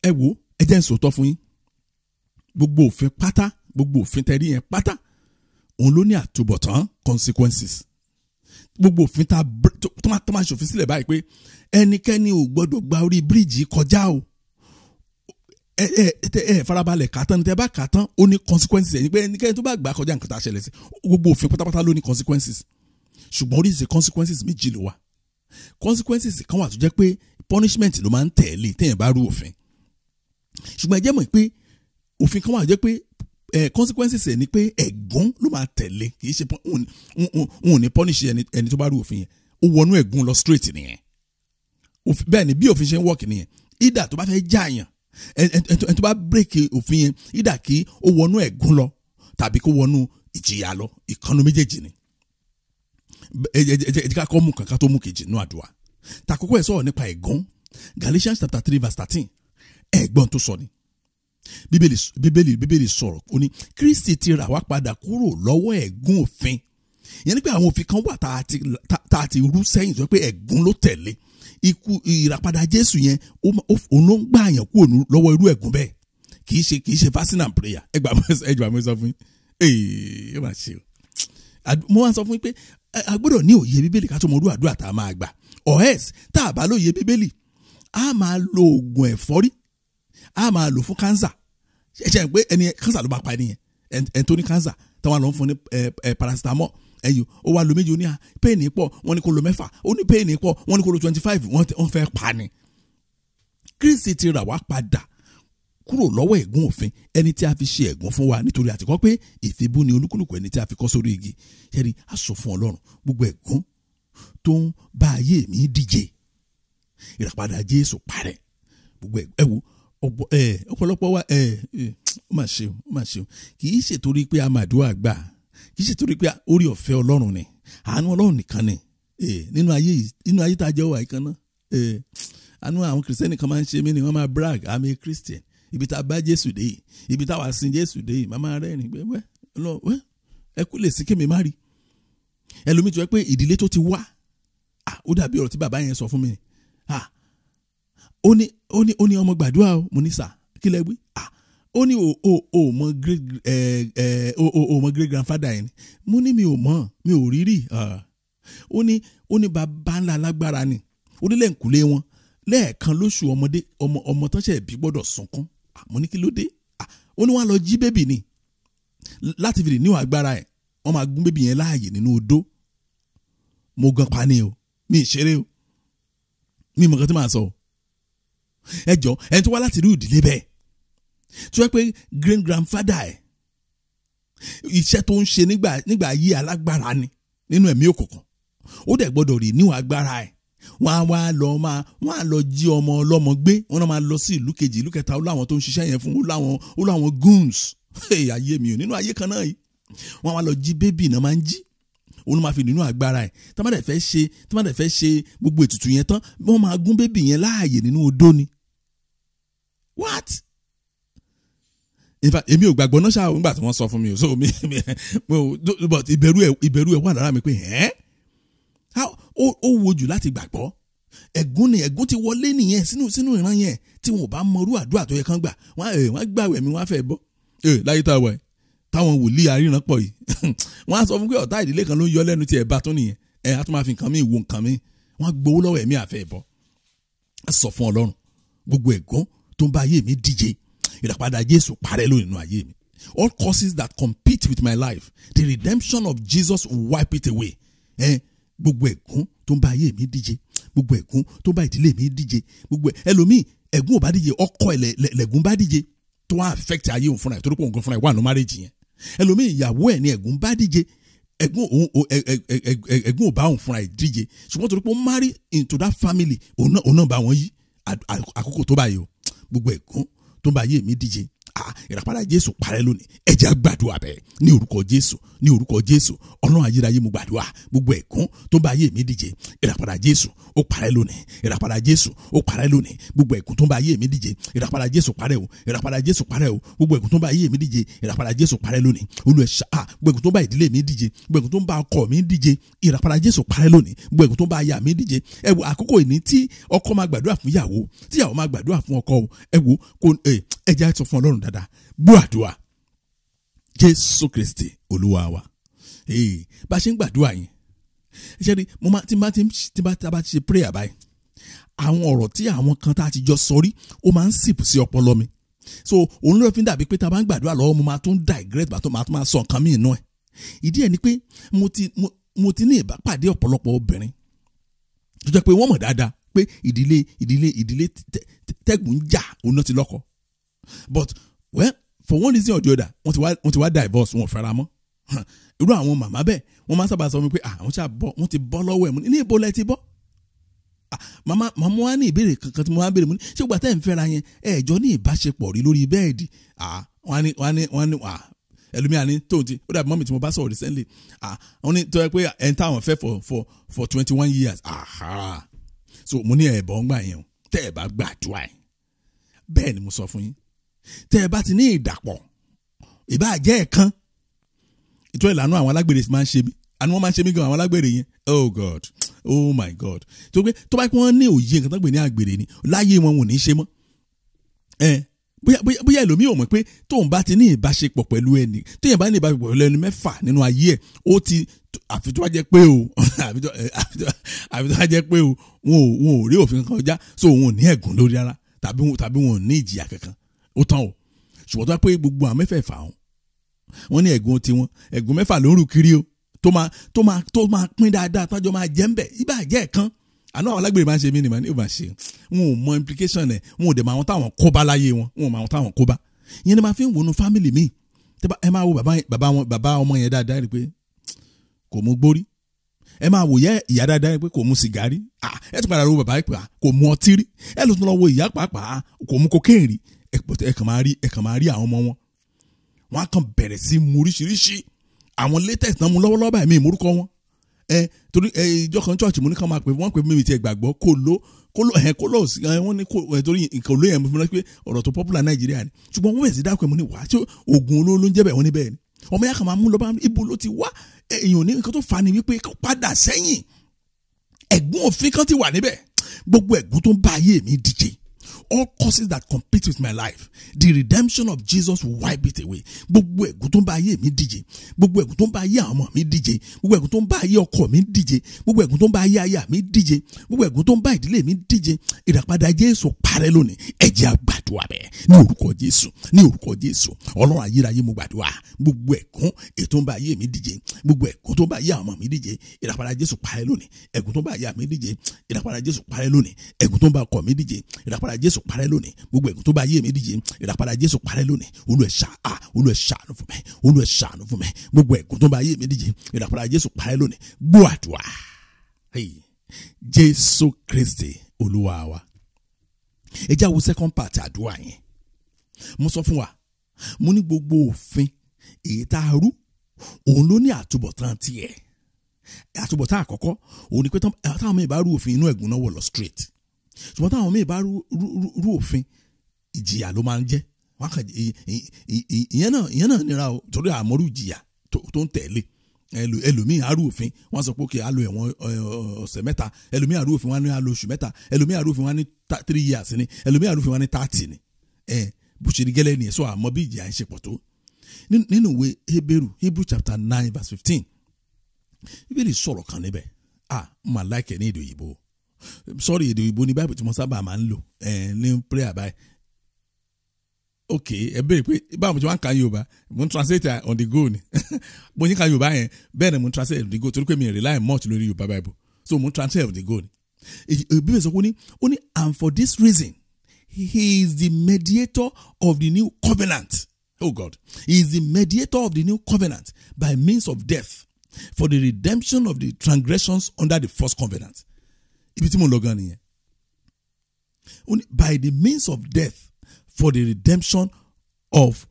S1: ẹ wo ẹ jẹ́ n sòótọ́ fún yín gbogbo òfin pátá gbogbo òfin tẹ́rí yẹn pátá òun ló ní àtúbọ̀tán consequences gbogbo òfin tá tó máa ṣòfin sílẹ̀ báyìí pé ẹnikẹ́ni ò gbọ́dọ̀ gba orí bíríìjì kọjá o ẹ ẹ ẹ farabalẹ̀ kàtán ní tẹ́ bá kàtán ó ní consequences ẹni pé ẹnikẹ́ni tó bá gbà kọjá nǹkan tá a ṣẹlẹ̀ sí gbogbo òfin pátápátá ló ní consequences ṣùgbọ́n oríṣi consequences méjì ló wà consequences kan wà tó jẹ́ pé punishment ló máa ń tẹ̀lé téèyàn bá rú òfin ṣùgbọ́n ẹ jẹ́ mọ̀ pé òfin kan wà tó jẹ́ pé consequences ẹ̀ ni pé ẹ̀gún ló máa tẹ̀lé kì í ṣe òun ní punish ẹni tó bá rú òfin yẹn ó wọnú ẹ̀gún lọ straight nìyẹn bẹ́ẹ̀ ni bí òfin ṣe ń work nìyẹn ìdà tó bá fẹ́ jàyàn ẹni tó bá break òfin yẹn ìdà kí ó wọnú ẹ̀gún lọ tàbí kó wọnú ìjìyà lọ ìkànnì méjèèjì ni ẹ jẹ́ ká kọ́ mú kankan tó mú kejì nínú àdúrà tàkókò ẹ̀ sọ̀rọ̀ nípa ẹ̀gún Galatians chapter three verse thirteen ẹ̀gbọ́n tó sọ ni bíbélì bíbélì bíbélì sọ̀rọ̀ ó ní Kristi ti rà wá padà kúrò lọ́wọ́ ẹ̀gún òfin ìyẹn ni pé àwọn òfin kan wà tá a ti rú sẹ́yìn sọ pé ẹ̀gún ló tẹ̀lé ikú ìràpadà Jésù yẹn òun ló ń gbà yàn kúrò lọ́wọ́ irú ẹ̀gún bẹ́ẹ̀ kì í ṣe kì í ṣe fasting and prayer ẹ gbà mọ́ ẹ gbà mọ́ sọ fún yín ee ẹ máa ṣe o mo wá sọ fún yín pé a gbọ́dọ̀ ní òye bíbélì ká tó mọ orú àdúrà tá a máa gbà ọ̀hẹ́s tá a bá lóye bíbélì a máa lo oògùn ẹ̀fọ́rí a máa lò fún kánsà ṣe ṣe pé ẹni kánsà ló máa pa ẹni yẹn ẹni tó ní kánsà táwọn àlọ́ ń fún ní paracetamol ẹyọ ó wá lo méjì ó ní ah, pọ̀ wọ́n ní kó lo mẹ́fà ó ní péènì pọ̀ wọ́n ní kó lo twenty five wọ́n fẹ́ pa ni Kristi ti rà wá padà kúrò lọ́wọ́ ègún òfin ẹni tí a fi ṣe ègún fún wa nítorí àti kọ́ pé ìfibú ni olúkúlùkù ẹni tí a fi kọ́ sórí igi ṣẹ́ni a sọ fún ọlọ́run gbogbo ègún tó ń bá ayé mi díje ìràpadà jésù parẹ́ gbogbo ẹ̀wò ọ̀pọ̀lọpọ̀ wa ẹ̀ ó mà ṣeun ó mà ṣeun kì í ṣètorí pé a máa kì í ṣètorí pé orí ọ̀fẹ́ ọlọ́run ni àánú ọlọ́run nìkan ni nínú ayé nínú ayé tá a àánú àwọn kìrìsìtẹ́nì kan máa ń ṣe mí ni wọ́n máa brag i'm a christian ibi tá a bá jésù dé yìí ibi tá a wà sin jésù dé yìí màmá rẹ̀ rìn pé wẹ́ lọ wẹ́ ẹ kú lè sí kémi má rí ẹlòmíì tó yẹ pé ìdílé tó ti wá ó dàbí ọ̀rọ̀ tí bàbá yẹn sọ fún mi ó ní ọmọ gbàdúrà o mo ní sà kí lẹ wí ó ní o o o mọ great ẹ ẹ o o o mọ great grandfather yẹn mo ní mi ò mọ mi ò rírì ó ní ó ní bàbá ńlá lágbára ni ó ní lẹ́ǹkùlé wọn lẹ́ẹ̀kan lóṣù ọmọdé ọmọ ọmọ tán ṣe bí gbọ́dọ̀ sunkún Ah, mo ní kí ló dé ah, ó ní wọ́n lọ jí bébì ni láti fi lè níwọ̀n agbára ẹ̀ wọ́n máa gún bébì yẹn láàyè nínú odó mo gan pani o mi ì o mi mọ̀ kan tí màá sọ o ẹ jọ ẹni tó wá láti rí ìdílé bẹ́ẹ̀ tó yẹ pé great grandfather ẹ̀ iṣẹ́ tó ń ṣe nígbà ayé alágbára ni nínú ẹ̀mí òkùnkùn ó dẹ̀ gbọ́dọ̀ rí níwọ̀n agbára ẹ̀ wọ́n á wá lọ máa wọ́n á lọ jí ọmọ ọlọ́mọ gbé wọ́n náà máa lọ sí ìlú kejì ìlú kẹta ó láwọn tó ń ṣiṣẹ́ yẹn fún ó láwọn ó láwọn goons ayé mi ò nínú ayé kan náà yìí wọ́n á wá lọ jí bébì náà máa ń jí òun máa fi nínú agbára ẹ̀ tá má dẹ̀ fẹ́ ṣe tá má dẹ̀ fẹ́ ṣe gbogbo ètùtù yẹn tán wọ́n máa gún bébì yẹn láàyè nínú odó ni what in fact èmi ò gbàgbọ́ náà ṣáà nígbà tí wọ́n sọ fún mi so mi but ìbẹ̀rù ẹ̀ ìbẹ̀rù ẹ̀ wà lára mi pé ẹ́ ó wo jù láti gbàgbọ́ ẹ̀gún ni ẹ̀gún ti wọlé nìyẹn sínú sínú ìran yẹn tí wọn ò bá mọrú àdúrà tó yẹ kán gbà wọn ẹ wọn gbàwẹ̀ mi wọn fẹ́ bọ́ ẹ láyé tá a wà ẹ táwọn wòlíì aríran pọ̀ yìí wọn á sọ fún pé ọ̀tá ìdílé kan ló ń yọ lẹ́nu tí ẹ bá nìyẹn ẹ á tún máa fi nǹkan míì wo nǹkan míì wọn gbowó lọ́wọ́ ẹ̀mí àfẹ́ bọ́ á sọ fún ọlọ́run gbogbo ẹ̀gún tó ń bá ayé mi díje ìràpadà jésù parẹ́ lónìí nínú ayé mi all causes that compete with my life the redemption of Jesus will wipe it away eh? gbogbo ẹ̀gún tó ń bá ayé mi díje gbogbo ẹ̀gún tó ń bá ìdílé mi díje gbogbo ẹlòmíì ẹ̀gún ò bá díje ọkọ ẹ̀ lẹ̀gún bá díje tó wá affect ayé òun fúnra ẹ̀ torí pé òun gan fúnra ẹ̀ wà ní marriage yẹn ẹlòmíì ìyàwó ẹ̀ ni ẹ̀gún bá díje ẹ̀gún ẹ̀gún ò bá òun fúnra ẹ̀ díje ṣùgbọ́n torí pé ó marry into that family òun náà bá wọn yí àkókò tó báyìí o gbogbo ẹ̀gún tó bá ayé mi díje Ah, ìràpadà jésù parẹ́ lónìí ẹ jẹ́ gbàdúrà bẹ́ẹ̀ ní orúkọ jésù ní orúkọ jésù ọlọ́run ayérayé mo gbàdúrà gbogbo ẹ̀kún tó bá ayé mi díje ìràpadà jésù ó parẹ́ lónìí ìràpadà jésù ó parẹ́ lónìí gbogbo ẹ̀kún tó bá ayé mi díje ìràpadà jésù parẹ́ o ìràpadà jésù parẹ́ o gbogbo ẹ̀kún tó mi díje ìràpadà jésù parẹ́ lónìí olùwẹ̀ ṣáà ah, gbogbo ẹ̀kún tó bá ìdílé mi díje gbogbo ẹ̀kún tó ń bá ọkọ mi díje ìràpadà jésù parẹ́ lónìí gbogbo ẹ̀kún tó mi díje ẹ wo àkókò ìní tí ọkọ máa gbàdúrà fún ìyàwó tíyàwó máa gbàdúrà fún ọkọ ẹ eh, dáadáa gbọ́ àdúrà jésù kristi olúwa wa bá a ṣe ń gbàdúrà yẹn ṣe ni mo máa ti máa ti ti bá ti ṣe prayer báyìí àwọn ọ̀rọ̀ tí àwọn kan tá a ti jọ sọrí ó máa ń sìpù sí ọpọlọ mi so òun ló fi ń dàbí pé tá a bá ń gbàdúrà lọ́wọ́ mo máa tún digress bàtọ́ máa tún máa sọ nǹkan míì nú ẹ̀ ìdí ẹ̀ ni pé mo ti mo ti ní ìbápàdé ọ̀pọ̀lọpọ̀ obìnrin tó jẹ́ pé wọ́n mọ̀ dáadáa pé ìdílé ìdílé ìdílé tẹ́gùn ń jà òun náà ti lọ́kọ but well for one reason or the other wọ́n ti wá wọ́n ti wá divorce wọn ò fẹ́ra mọ́ irú àwọn màmá bẹ́ẹ̀ wọ́n máa sábà sọ wípé àwọn ah, ṣáà bọ́ wọ́n ti bọ́ lọ́wọ́ ẹ̀ mú ní ibo lẹ ti bọ́ ah, màmá màmá wa ní ìbéèrè kankan tí mo wá béèrè mú ní ṣé gbà tẹ́ ń fẹ́ra yẹn ẹ̀ẹ́jọ́ ní ìbáṣepọ̀ rí lórí bẹ́ẹ̀dì ah, wọ́n á ní wọ́n á ní wọ́n á ní ẹlòmíà ní tóun ti ó dàbí mọ́mì tí mo bá sọ̀rọ̀ recently wọ́n ní tó yẹ pé ẹni táwọn fẹ́ for for for twenty one years so mo ní ẹ̀bọ̀ ń gbà yẹn o tẹ́ ẹ̀ bá gbàdúrà yẹn bẹ́ẹ̀ ni mo sọ fún yín tẹ́ ẹ bá ti ní ìdàpọ̀ ìbá jẹ́ ẹ̀kan ìtọ́ ìlànà àwọn alágbèrè máa ń ṣe mí àni wọ́n máa ń ṣe mí gan àwọn alágbèrè yẹn oh god oh my god tó pé tó bá pé wọ́n ní òye nǹkan tó gbè ní àgbèrè ni láyé wọn ò ní ṣe mọ́ ẹ bóyá ẹlòmíì ò mọ̀ pé tóun bá ti ní ìbáṣepọ̀ pẹ̀lú ẹni tóun bá ní ìbáṣepọ̀ pẹ̀lú ẹni mẹ́fà nínú ayé ẹ̀ ó ti àfi tó bá jẹ́ pé o àfi tó bá jẹ́ pé o wọn ò rí òfin kan kọjá so wọn ò ní ẹ̀gún lórí ara tàbí wọn ò ní ìjìyà kankan ó tán o ṣùgbọ́n tó wá pé gbogbo àwọn mẹ́fẹ̀ẹ̀fà wọn wọ́n ní ẹ̀gún tiwọn ẹ̀gún mẹ́fà ló ń rù kiri o tó máa tó máa tó máa pín dáadáa tájọ máa jẹ́ ń bẹ̀ ibà jẹ́ ẹ̀kan àná àwọn alágbèrè máa ń ṣe mí nìmọ̀ ní ìbá ṣe n ò mọ implication ẹ̀ n ò dẹ̀ máa wọn táwọn kó bá láyé wọn n ò máa wọn táwọn kó bá ìyẹn ni máa fi ń wọnú family mi ẹ máa wo bàbá wọn bàbá ọmọ yẹn dáadáa rí pé kò mú gbórí ẹ máa wò ìyá dáadáa rí pé kò mú sìgárì ẹ tún padà ro bàbá yìí pé kò mú ọtí rí ẹ lọ́tún lọ́wọ́ ìyá pàápàá kò mú kokéèrè ẹ kàn máa rí ẹ kàn máa rí àwọn ọmọ wọn wọn á kàn bẹ̀rẹ̀ sí mu oríṣiríṣi àwọn latex náà mu lọ́wọ́lọ́wọ́ báyìí mi ìmúrúkọ wọn ẹ torí ẹ ìjọ kan church mo ní kàn máa pè wọ́n pè mímì tiẹ̀ gbàgbọ́ kò ló kò ló ẹ̀ kò ló wọ́n ní kò ẹ̀ torí nǹkan olóyè mo fi pé ọ̀rọ̀ tó popular nàìjíríà ni ṣùgbọ́n wọ́n bẹ̀rẹ̀ sí dákọ̀ mo ní wàá tí oògùn olóró ló ń jẹ́ bẹ̀ wọ́n ní bẹ́ẹ̀ ni ọmọ yà kàn máa mú lọ́ba ibo ló ti wá èèyàn ní nǹkan tó fa ni wípé kó padà sẹ́yìn ẹ̀gbọ́n òfin kan ti wà níbẹ̀ all causes that compete with my life the redemption of Jesus will wipe it away gbogbo ègún tó ń bá ayé mi díje gbogbo ègún tó ń bá ayé ọmọ mi díje gbogbo ègún tó ń bá ayé ọkọ mi díje gbogbo ègún tó ń bá ayé aya mi díje gbogbo ègún tó ń bá ìdílé mi díje ìràpadà Jésù parẹ́ lónìí ẹ̀jẹ̀ àgbàdua bẹ́ẹ̀ ní orúkọ Jésù ní orúkọ Jésù ọlọ́run ayérayé mo gbàdúrà gbogbo ègún ètò ń bá ayé mi díje gbogbo ègún tó ń bá ayé ọmọ mi díje ìràpadà Jésù parẹ́ lónìí ègún tó ń bá aya mi díje ìràpadà Jésù parẹ́ lónìí ègún tó ń bá ọkọ mi díje ìràpadà Jésù parẹ́ lónìí gbogbo ègún tó bá yé mi díje ìràpadà jésù parẹ́ lónìí olú ẹ̀ ṣàá ah, olú ẹ̀ ṣàánú fún mi olú ẹ̀ ṣàánú fún mi gbogbo ègún tó bá yé mi díje ìràpadà jésù parẹ́ lónìí gbọ́ àdúrà jésù kristi olúwa wa ẹ àwọn second part àdúrà yẹn mo sọ fún wa mo ní gbogbo òfin èyí tá a rú òun ló ní àtúbọ̀tán tiẹ̀ àtúbọ̀tán àkọ́kọ́ òun ni pé táwọn mi bá rú òfin inú ẹ̀gún náà wọ̀ lọ straight ṣùgbọ́n táwọn míì bá rú òfin ìjìyà ló máa ń jẹ́ ìyẹn náà ìyẹn náà nira o torí àmọ́rú ìjìyà tó ń tẹ̀lé ẹlòmíì arú òfin wọn sọ pé kí a lo ẹ̀wọ̀n ọ̀sẹ̀ mẹ́ta ẹlòmíì arú òfin wọn ní a lo oṣù mẹ́ta ẹlòmíì arú òfin wọn ní three years ni ẹlòmíì arú òfin wọn ní thirty ni ẹ bó ṣe rí gẹ́lẹ́ nìyẹn sọ àmọ́ bí ìjìyà ń ṣe pọ̀ tó nínú ìwé Hébérù Hebrew chapter nine verse fifteen Bíbélì sọ̀rọ̀ kan níbẹ̀ ah mà láìkẹ́ ní èdè òyìnbó sọ́ọ̀rì èdè òyìnbó ni báyìí tí mo sábà máa ń lò ní prayer báyìí ok ẹ béèrè pé báwo ti wá ń ka yorùbá mo ń translate on the go ni mo ń ka yorùbá yẹn bẹ́ẹ̀ ni mo ń translate on the go torí pé mi ò rely much lórí yorùbá bible so mo ń translate on the go ni ìbí bẹ̀rẹ̀ sọ pé ó ó ní and for this reason he is the mediator of the new covenant oh God he is the mediator of the new covenant by means of death for the redemption of the transgressions under the first covenant ibi tí mo lọ gan nìyẹn by the means of death for the redemption of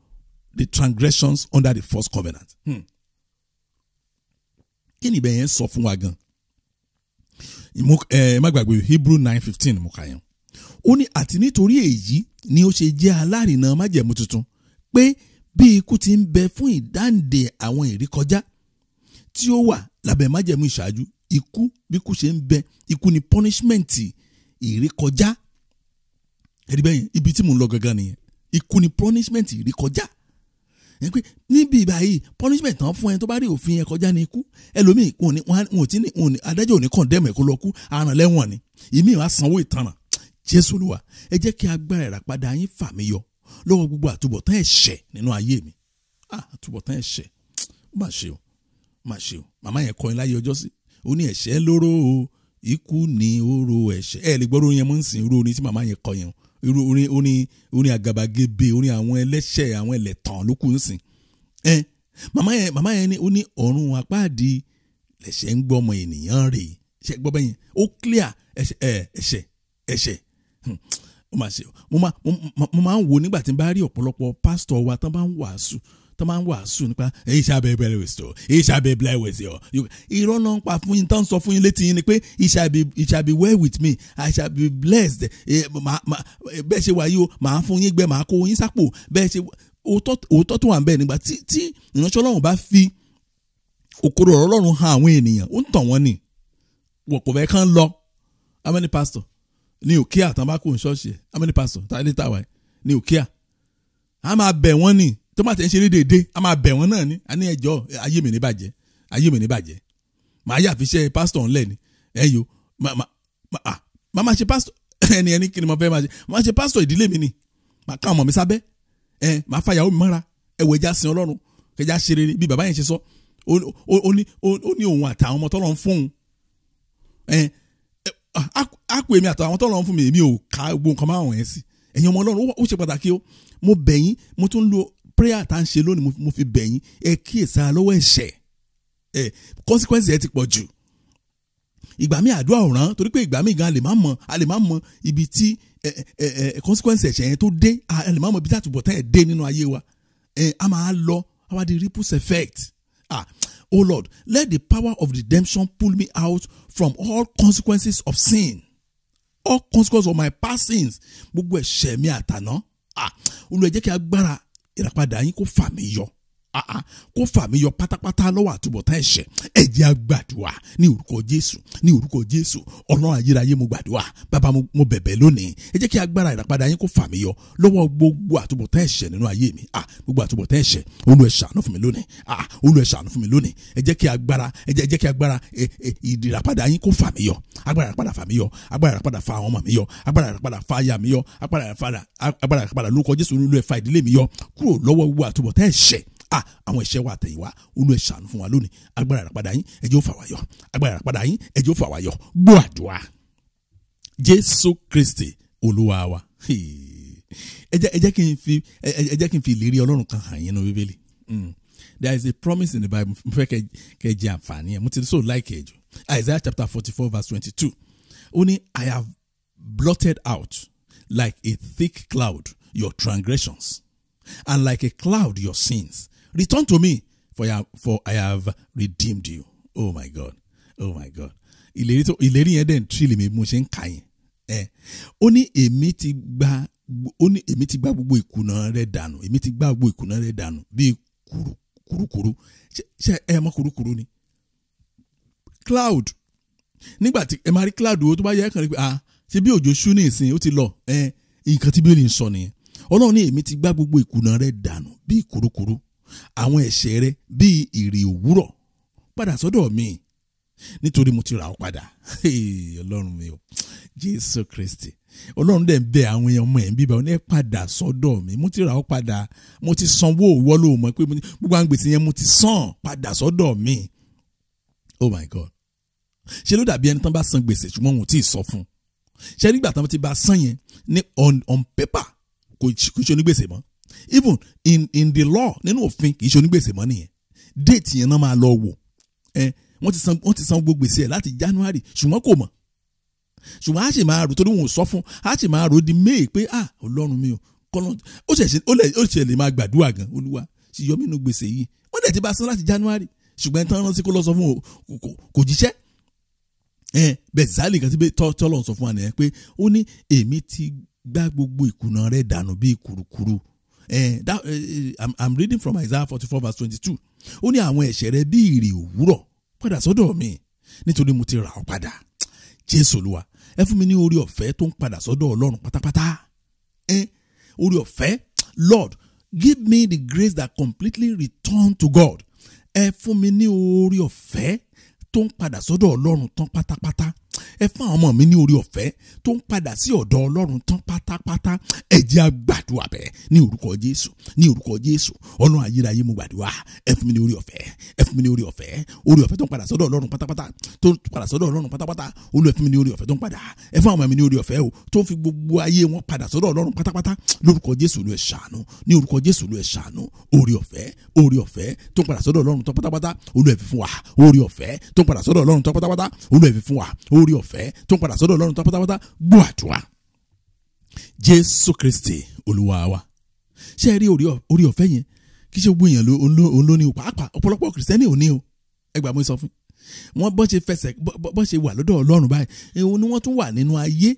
S1: the transgressions under the first covenant. Hmm. kí ni ibẹ̀ yẹn sọ fún wa gan ẹ Hebrew nine fifteen mo kà yẹn ó ní àti nítorí èyí ni ó ṣe jẹ́ alárinà májẹ̀mú tuntun pé bí ikú ti ń bẹ fún ìdáǹdè àwọn ìrékọjá tí ó wà lábẹ́ májẹ̀mú ìṣáájú ikú bí kú ṣe ń bẹ ikú ni punishment ìrékọjá ẹ̀rí bẹ́yẹn ibi tí mò ń lọ gangan nìyẹn ikú ni punishment ìrékọjá ẹ pé níbi ìbáyìí punishment tán fún ẹ tó bá rí òfin ẹ kọjá ní ikú ẹlòmíì wọn ò tí ní adájọ́ ò ní condemn ẹ kó lọ kú aràn lẹ́wọ̀n ni ìmíì wàá sanwó ìtanràn jésù olúwa ẹ jẹ́ kí agbára ìràpadà yín fà mí yọ lọ́wọ́ gbogbo àtúbọ̀tán ẹ̀ṣẹ̀ nínú ayé mi ah, àtúbọ̀tán ẹ̀ṣẹ̀ má ṣe o má ṣe o màmá yẹn kọrin láyé ọjọ́ sí ó ní ẹ̀ṣẹ̀ lóró o ikú ni oró ẹ̀ṣẹ̀ ẹ̀ lè gbọ́dọ̀ yẹn mọ́ ń sìn irú orin tí màmá yẹn kọ yẹn irú orin orin orin àgàbàgebè orin àwọn ẹlẹ́ṣẹ̀ àwọn ẹlẹ́tàn ló kù ń sìn ẹ màmá yẹn màmá yẹn ni ó ní ọ̀run àpáàdì lẹ̀ṣẹ̀ ń gbọ́ ọmọ ènìyàn rè ṣe gbọ́ bẹ́yẹn ó clear ẹ̀ṣẹ̀ ẹ̀ṣẹ̀ ẹ̀ṣẹ̀ hmm, mo máa ń wò nígbà tí n bá rí ọ̀pọ̀lọpọ̀ pásítọ̀ wa tán bá ń wàásù tó máa ń wàásù nípa iṣẹ́ abẹ bẹ̀rẹ̀ wẹ̀sì o iṣẹ́ abẹ bẹ̀rẹ̀ wẹ̀sì o irọ́ náà ń pa fún yín tó ń sọ fún yín létí yín ni pé it shall be it shall be well with me I shall be blessed bẹ́ẹ̀ ṣe wáyé o màá fún yín gbẹ màá kó yín sápò bẹ́ẹ̀ ṣe òótọ́ tó wà ń bẹ̀ nígbà tí tí ìránṣẹ́ ọlọ́run bá fi òkòrò ọ̀rọ̀ ọlọ́run han àwọn ènìyàn ó ń tàn wọ́n ni wọ́n kò fẹ́ kán lọ how many pastor ní òkè àtàwọn bá kó ń ṣọ́ọ̀ṣì ẹ̀ how many pastor ta ní tàwa ẹ̀ ní òkè à á máa bẹ̀ wọ́n ni tó bá tẹ̀ ń ṣeré déédéé a máa bẹ̀ wọ́n náà ni a ní ẹjọ́ ayé mi ní bàjẹ́ ayé mi ní bàjẹ́ màá yà fi ṣe pásítọ̀ ńlẹ̀ ni ẹ yo màá máa ṣe pásítọ̀ ẹni ẹni kí ni mo fẹ́ máa ṣe màá ṣe pásítọ̀ ìdílé mi ni màá ká ọmọ mi sábẹ́ ẹ màá fàyàwó mi mọ́ra ẹwọ ẹja sin ọlọ́run kẹjá ṣe rere bí bàbá yẹn ṣe sọ ó ní òun àtàwọn ọmọ tọ́lọ́ ń fóun àpò èmi àtàwọn tọ́lọ́ ń fún mi èmi ò ká gbogbo nǹkan máa wọ̀nyẹn sí ẹ̀yin ọmọ ọlọ́run ó ṣe pàtàkì o mo bẹ̀ yín mo tún lo prayer tá à ń ṣe lónìí mo fi bẹ̀ yín ẹ kíyèsára lọ́wọ́ ẹ̀ṣẹ̀ ẹ consequences ẹ ti pọ̀ jù ìgbà míì àdúrà ọ̀ràn torí pé ìgbà míì gan a lè má mọ a lè má mọ ibi tí ẹ ẹ ẹ consequences ẹ̀ṣẹ̀ yẹn tó dé a lè má mọ ibi tí àtúbọ̀tán ẹ̀ dé nínú ayé wa ẹ a máa lọ a wá ripples effect ah oh Lord let the power of redemption pull me out from all consequences of sin all consequences of my past sins gbogbo ẹ̀ṣẹ̀ mi àtàná ah olùwẹ̀jẹ̀ kí agbára ìràpadà yín kó fà mí yọ Ah, ah kó fà mí yọ pátápátá lọ́wọ́ àtúbọ̀tán ẹ̀ṣẹ̀ ẹ jẹ́ a gbàdúrà ní orúkọ jésù ní orúkọ jésù ọlọ́run ayérayé mo gbàdúrà bàbá mo bẹ̀bẹ̀ lónìí ẹ jẹ́ kí agbára ìràpadà yín kó fà mí yọ lọ́wọ́ gbogbo àtúbọ̀tán ẹ̀ṣẹ̀ nínú ayé mi ah, gbogbo àtúbọ̀tán ẹ̀ṣẹ̀ olú ẹ ṣàánú fún mi lónìí ah, olú ẹ ṣàánú fún mi lónìí ẹ jẹ́ kí agbára ẹ jẹ́ kí agbára ìràpadà yín kó fà mí yọ agbára ìràpadà fà mí yọ agbára ìràpadà fà àwọn ọmọ mi yọ agbára ìràpadà fà aya mi yọ agbára ìràpadà lórúkọ jésù ah àwọn ẹ̀ṣẹ̀ wa àtẹ̀yìnwá olú ẹ̀ ṣàánú fún wa lónìí agbára àràpadà yín ẹ̀jẹ̀ ó fà wá yọ agbára àràpadà yín ẹ̀jẹ̀ ó fà wá yọ gbọ́ àdúrà jésù kristi olúwa wa ẹ kí n fi ẹ kí n fi ìlérí ọlọ́run kan hàn yín nínú bíbélì hmm. there is a promise in the bible mo fẹ́ kẹ́ jẹ àǹfààní ẹ̀ mo ti so like ẹ̀ jù isaiah chapter forty four verse twenty two ó ní i have blotted out like a thick cloud your transgressions and like a cloud your sins Return to me, for, ya, for I have redeemed you. Oh my God. Oh my God. Ìlérí tó ìlérí yẹn dẹ̀ ń tírì mi mo ṣe ń kà yín. Ẹ ó ní èmi ti gba ó ní èmi ti gba gbogbo ìkùnà rẹ dànù èmi ti gba gbogbo ìkùnà rẹ dànù bíi kùrù ṣe ẹ mọ kùrùkùrù ni. cloud nígbà tí ẹ máa rí cloud wo tó bá yẹ kàn rí pé ah ṣe bí òjò ṣú ní ìsìn ó ti lọ ẹ nǹkan tí bíbélì ń sọ nìyẹn ọlọ́run ní èmi ti gba gbogbo ìkùnà rẹ dànù bíi kùrùkùrù àwọn ẹ̀ṣẹ̀ rẹ bíi ìrì òwúrọ̀ padà sọ́dọ̀ mi nítorí mo ti rà ọ́ padà ọlọ́run mi o jésù kristi ọlọ́run dẹ̀ ń bẹ àwọn èèyàn ọmọ ẹ̀ ń bíbá ọ ní ẹ padà sọ́dọ̀ mi mo ti rà ọ́ padà mo ti sanwó òwò ló mọ̀ pé gbogbo àwọn gbèsè yẹn mo ti san padà sọ́dọ̀ mi oh my god ṣe ló dàbí ẹni tán bá san gbèsè ṣùgbọ́n òun ò tí ì sọ fún un ṣe nígbà tán ti bá san yẹn ní on on paper kò ṣe onígbèsè mọ́ even in in the law nínú òfin kì í ṣe onígbèsè mọ́ nìyẹn déètì yẹn náà máa lọ wò ẹ wọ́n ti san wọ́n ti san gbogbo gbèsè ẹ̀ láti January ṣùgbọ́n kò mọ̀ ṣùgbọ́n a sì máa rò torí wọn ò sọ fún a sì máa rò di May pé ah Ọlọ́run mi o kọ́lọ́n ó ṣẹ̀ṣẹ̀ ó lẹ̀ ó ṣẹ̀ lè máa gbàdúrà gan Olúwa sì yọ mínú gbèsè yìí wọ́n dẹ̀ ti bá san láti January ṣùgbọ́n tán rántí kó lọ sọ fún o kò jíṣẹ́ ẹ bẹ́ẹ̀ zálì kan tí tọ́lọ̀ sọ fún wa nìyẹn pé ó ní èmi ti gbá gbogbo ìkùnà rẹ̀ dànù bíi kùrukùru Eh, that eh, eh, I'm, I'm reading from Isaiah forty four verse twenty two ó ní àwọn ẹ̀ṣẹ̀ rẹ bí ìrì òwúrọ̀ padà sọ́dọ̀ mi nítorí mo ti rà ọ́ padà Jésù Olúwa ẹ fún mi ní orí ọ̀fẹ́ tó ń padà sọ́dọ̀ Ọlọ́run pátápátá orí ọ̀fẹ́ Lord give me the grace that completely return to God ẹ fún mi ní orí ọ̀fẹ́ tó ń padà sọ́dọ̀ Ọlọ́run tán pátápátá ẹ fún àwọn ọmọ mi ní orí ọ̀fẹ́ tó ń padà sí ọ̀dọ̀ ọlọ́run tán pátápátá ẹ jẹ́ àgbàdua bẹ́ẹ̀ ní orúkọ jésù ní orúkọ jésù ọlọ́run ayérayé mo gbàdúrà ẹ fún mi ní orí ọ̀fẹ́ ẹ fún mi ní orí ọ̀fẹ́ orí ọ̀fẹ́ tó ń padà sọ́dọ̀ ọlọ́run pátápátá tó ń padà sọ́dọ̀ ọlọ́run pátápátá olú ẹ fún mi ní orí ọ̀fẹ́ tó ń padà ẹ fún àwọn ọmọ mi ní orí ọ̀fẹ́ o tó ń fi gbogbo ayé wọn padà sọ́dọ̀ ọlọ́run pátápátá lórúkọ orí ọ̀fẹ́ tó ń padà sọ́dọ̀ ọlọ́run tán pátápátá gbọ́ àdúrà jésù kristi olúwa wa ṣé ẹ rí orí ọ̀fẹ́ yẹn kí ṣe gbogbo èèyàn ló o pàápàá ọ̀pọ̀lọpọ̀ kìrìsìtẹ́nì ò ní o ẹ gbà mo sọ fún wọn bọ́ ṣe fẹsẹ̀ bọ́ ṣe wà lọ́dọ̀ ọlọ́run báyìí ni wọ́n tún wà nínú ayé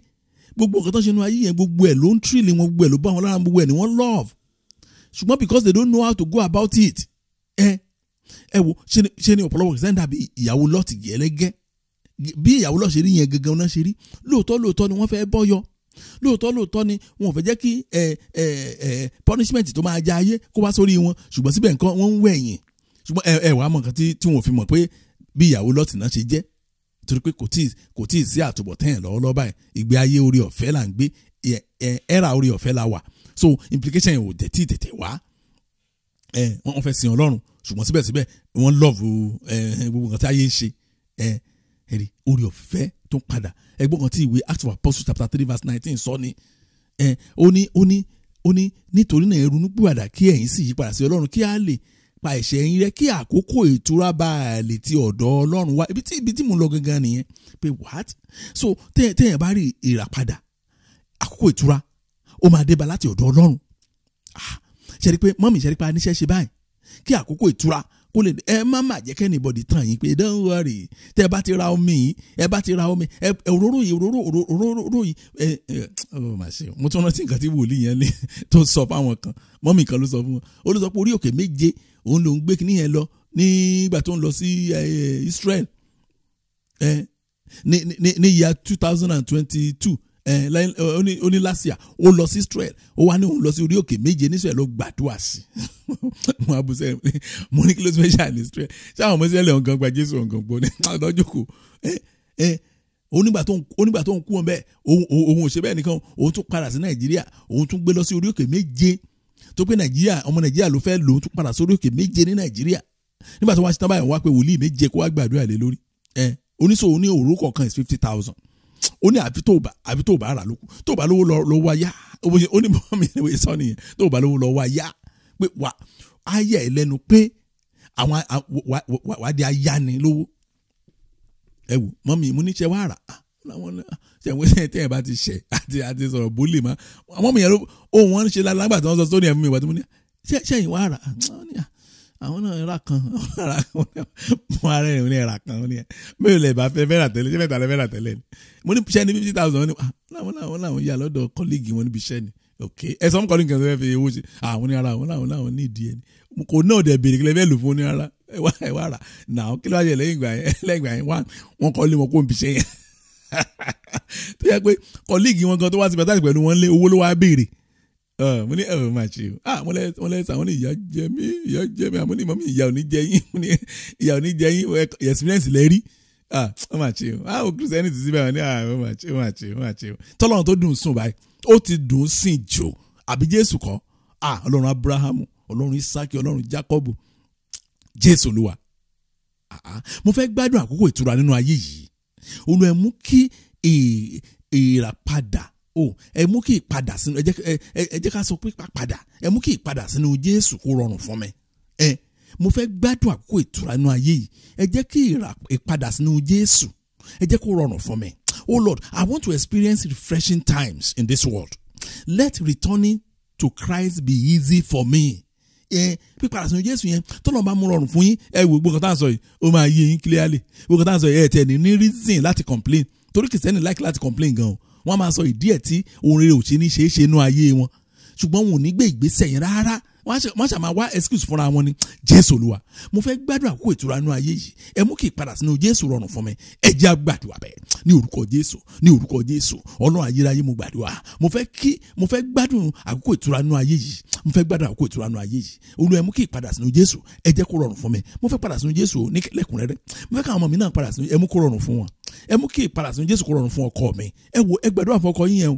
S1: gbogbo nǹkan tó ṣe nínú ayé yẹn gbogbo ẹ̀ ló ń tírìlì wọn gbogbo ẹ̀ ló bá wọn lára gbogbo ẹ̀ ni wọ́n love ṣùgbọ́n because they don't know how to go about it ẹ ẹ wo ṣe ni ọ̀pọ̀lọpọ̀ kìrìsìtẹ́nì dàbí ìyàwó lọ́ọ̀tì gẹ́lẹ́gẹ́ bí ìyàwó lọ́ọ́ ṣe rí yẹn gangan náà ṣe rí lóòótọ́ lóòótọ́ ni wọ́n fẹ́ bọ́ yọ lóòótọ́ lóòótọ́ ni wọn ò fẹ́ jẹ́ kí ẹ ẹ ẹ punishment tó máa ja ayé kó wá sórí wọn ṣùgbọ́n síbẹ̀ nǹkan wọ́n ń wẹ̀yìn ṣùgbọ́n ẹ ẹ wàá mọ̀ nǹkan tí wọn ò fi mọ̀ pé bí ìyàwó lọ́ọ̀tì náà ṣe jẹ́ torí pé kò tíì kò tíì sí àtúbọ̀tán lọ́wọ́lọ́wọ́ báyìí ìgbé ayé orí ọ̀fẹ́ là ń gbé ẹ̀ẹ́rà orí ọ̀fẹ́ la wà so implication yẹn ò dẹ̀ tí tètè wá ẹ wọ́n fẹ́ sin Ọlọ́run ṣùgbọ́n síbẹ̀síbẹ̀ wọ́n lọ́ọ̀bù gbogbo nǹkan tí ayé ń ṣe ẹ̀rí orí ọ̀fẹ́ tó ń padà ẹgbọ́n kan tí ìwé Acts of Apostles chapter three verse nineteen sọ ni ẹ ó ní ó ní ó ní nítorí náà ẹ ronú pìwàdà kí ẹ̀yin sì yí padà sí Ọlọ́run kí á lè pa ẹ̀ṣẹ̀ yín rẹ́ kí àkókò ìtura bá a lè ti ọ̀dọ̀ Ọlọ́run wá ibi tí ibi tí mo lọ gangan nìyẹn pé what so téèyàn bá rí ìràpadà àkókò ìtura ó máa débá láti ọ̀dọ̀ Ọlọ́run ah, ṣe rí pé mọ́mì ṣe rí pé aníṣẹ́ ṣe báyìí kí àkókò ìtura kó lè ẹ má má jẹ́ kẹ́ni bọ̀dì tàn yín pé don't worry tẹ́ ẹ bá ti ra omi yìí ẹ bá ti ra omi ẹ òróró yìí òróró òróró yìí ẹ ẹ ọ mà ṣe mo tún rántí nǹkan tí wòlíì yẹn ní tó sọ fáwọn kan mọ́mì kan ló sọ fún wọn ó ló sọ pé orí òkè méje òun ló ń gbé kíní yẹn lọ nígbà tó ń lọ sí Israel ẹ ní ní ní year two thousand and twenty two Eh, eh, ó ní last year ó lọ sí Israel ó wá ní òun lọ sí orí òkè méje ní Israel ló gbàdúrà sí mo abu sẹ́yìn pé mo ní kí ló ti fẹ́ ṣáà ní Israel ṣáà ọmọ Israel ọ̀gán gba Jésù ọ̀gán gbọ́ ní ọ̀dọ́jọ́ kò onígbà eh, tó onígbà tó ń kú wọn bẹ́ẹ̀ òun ò ṣe bẹ́ẹ̀ nìkan òun tún padà sí Nàìjíríà òun tún gbé lọ sí orí òkè méje tó pé Nàìjíríà ọmọ Nàìjíríà ló fẹ́ lòun tún padà sórí òkè méje ní Nàìjíríà nígbà tó wá ṣe tán báyìí wá pé wòlíì méje kó wá gbàdúrà lé lórí ẹ oníṣòwò ní òru kọ̀ọ̀kan is fifty thousand ó ní àbí tó bá àbí tó bá rà lóko tó bá lówó lọ wá yá ó ní bọ́ mi ìwé sọ nìyẹn tó bá lówó lọ wá yá pé wà á yà ẹ lẹ́nu pé àwọn wàdí ayáni lówó ẹ wò mọ́mí ìmúníṣẹ́ wà rà á làwọn ṣẹ̀wé ṣẹ̀ tẹ̀ bá ti ṣẹ̀ àti àti sọ̀rọ̀ bólè má àwọn ọmọ yẹn ló ohun wọn ṣe lálágbà wọ́n sọ sórí ẹ̀mí ìwà tó mú ní ṣẹ̀yìn wà rà á ah, àwọn náà ra kan mo ara ẹ̀ ní ẹ̀ra kan ní ẹ̀ mẹ́rin lè bá fẹ́ fẹ́ra tẹ́lẹ̀ fẹ́ta lẹ́ fẹ́ra tẹ́lẹ̀ ni mo ní iṣẹ́ ní fifty thousand wọn ni àwọn ah, làwọn làwọn yà lọ́dọ̀ kọ́líìgì wọn níbi iṣẹ́ ni ok ẹ sọ fún kọ́líìgì kan tó fẹ́ fi owó ṣe àwọn ah, ní ara àwọn làwọn làwọn ní ìdí ẹ̀ ni kò náà dẹ̀ béèrè kílẹ̀ fẹ́ lò fún ní ara ẹ wá ẹ wá rà nà ó kílọ̀ ayẹ lẹ́yìn ìgbà yẹn lẹ́yìn ìgbà yẹn wọ́n kọ́ lé wọn kó n bìṣẹ́ yẹn tó yẹ pé kọ́líìgì wọn gan tó wá sí pẹ̀lú wọn lé owó ló wá béèrè mo ní ẹ̀rọ máa ṣe ah mo lẹ́sẹ̀ mo lẹ́sẹ̀ àwọn ní ìyá jẹ mí ìyá jẹ mí àmọ́ ah, ní mọ́mí ìyá ò ní jẹ yín mo ní ìyá ò jẹ yín experience lẹ rí ah wọ́n máa ṣe ah o kristiani ti sí bẹ́ẹ̀ ní ah wọ́n máa ṣe wọ́n máa ṣe wọ́n máa ṣe tọ́lọ́run tó dùn sùn báyìí ó ti dùn sìn jò àbí jésù kọ́ ah ọlọ́run abrahamu ọlọ́run isaki ọlọ́run jacob jésù olúwa ah, ah mo fẹ́ gbádùn àkókò ìtura nínú ayé yìí olùẹ̀mú kí ìràpadà o oh, ẹ mú kí ìpadà sínú ẹ jẹ́ ká sọ pé padà ẹ mú kí ìpadà sínú Jésù kó rọrùn fún mi ẹ mo fẹ́ gbádùn àkókò ìtura inú ayé yìí ẹ jẹ́ kí ìpadà sínú Jésù ẹ jẹ́ kó rọrùn fún mi oh Lord I want to experience refreshing times in this world let returning to Christ be easy for me yẹn pípadà sínú jésù yẹn tọ́lọ́run bá mú rọrùn fún yín ẹ wò gbogbo tá à ń sọ yìí ó máa yé yín clearly gbogbo tá à ń sọ yìí ẹ tẹ̀ ní ní reason láti complain torí kìsẹ́nì like láti complain gan o wọ́n á máa sọ ìdí ẹ̀ tí orin rẹ̀ ò ṣe ní ṣeéṣe inú ayé wọn ṣùgbọ́n wọn ò ní gbé ìgbésẹ̀ yẹn rárá wọ́n ṣàmà wá excuse fúnra wọn ni jésù olúwa mo fẹ́ gbádùn àkókò ìtura inú ayé yìí ẹ mú kí ìpadà sínú jésù rọrùn fún mi ẹ jẹ́ àgbàdua bẹ́ẹ̀ ní orúkọ jésù ní orúkọ jésù ọlọ́run ayérayé mo gbàdúrà mo fẹ́ kí mo fẹ́ gbádùn àkókò ìtura inú ayé yìí mo fẹ́ gbádùn àkókò ìtura inú ayé yìí olúwa ẹ mú kí ìpadà sínú jésù ẹ jẹ́ kó rọrùn fún mi mo fẹ́ padà sínú jésù ní mo fẹ́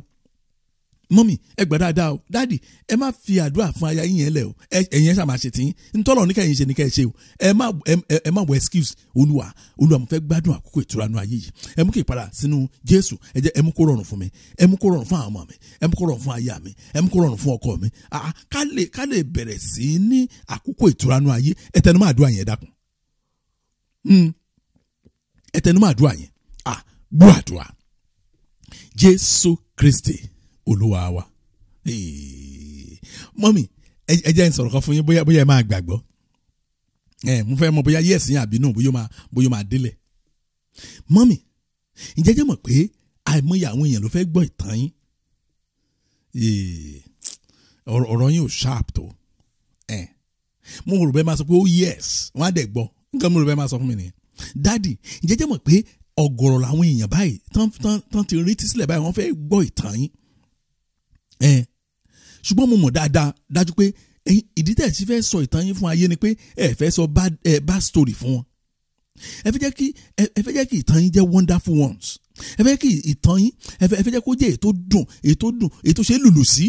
S1: mọ́mì ẹ gbà dáadáa o dáàdì ẹ má fi àdúrà fún aya yín yẹn lẹ o ẹ̀yin ẹ̀ ṣàmà ṣe tìyín ntọ́lọ̀ ní kẹ́yìn ṣe ní kẹ́yìn ṣe o ẹ má wọ excuse olúwa olúwa mo fẹ́ gbádùn àkókò ìtura nu ayé yìí ẹ mú kí ìpadà sínú jésù ẹ jẹ́ ẹ mú kó rọrùn fún mi ẹ mú kó rọrùn fún àwọn ọmọ mi ẹ mú kó rọrùn fún aya mi ẹ mú kó rọrùn fún ọkọ mi ká lè bẹ̀rẹ̀ sí ní àkókò hmm. kristi olúwa wa mọ́mì ẹ jẹ́ n sọ̀rọ̀ kan fún yín bóyá bóyá ẹ máa gbàgbọ́ ẹ mo fẹ́ mọ̀ bóyá yẹ́sì yín àbínú bóyá máa bóyá máa délẹ̀ mọ́mì ǹjẹ́ jẹ́ mọ̀ pé àìmọye àwọn èèyàn ló fẹ́ gbọ́ ìtàn yín ọ̀rọ̀ yín ò sharp tó ẹ mo rò bẹ́ẹ̀ máa sọ pé ó yes wọ́n á dẹ̀ gbọ́ nǹkan mo rò bẹ́ẹ̀ máa sọ fún mi nìyẹn dádì ǹjẹ́ jẹ́ mọ̀ pé ọ̀gọ̀rọ̀ làwọn èèyàn báyìí tán ti retí sílẹ̀ báyìí wọ́n ẹ ṣùgbọ́n mo mọ̀ dáadáa dájú pé ìdí tẹ̀ ti fẹ́ sọ ìtàn yín fún ayé ni pé ẹ fẹ́ sọ bad ẹ bad story fún wọn ẹ fẹ́ jẹ́ kí ẹ fẹ́ jẹ́ kí ìtàn yín jẹ́ wonderful ones ẹ fẹ́ jẹ́ kí ìtàn yín ẹ fẹ́ jẹ́ kó jẹ́ ètò dùn ètò dùn ètò ṣe é lùlù sí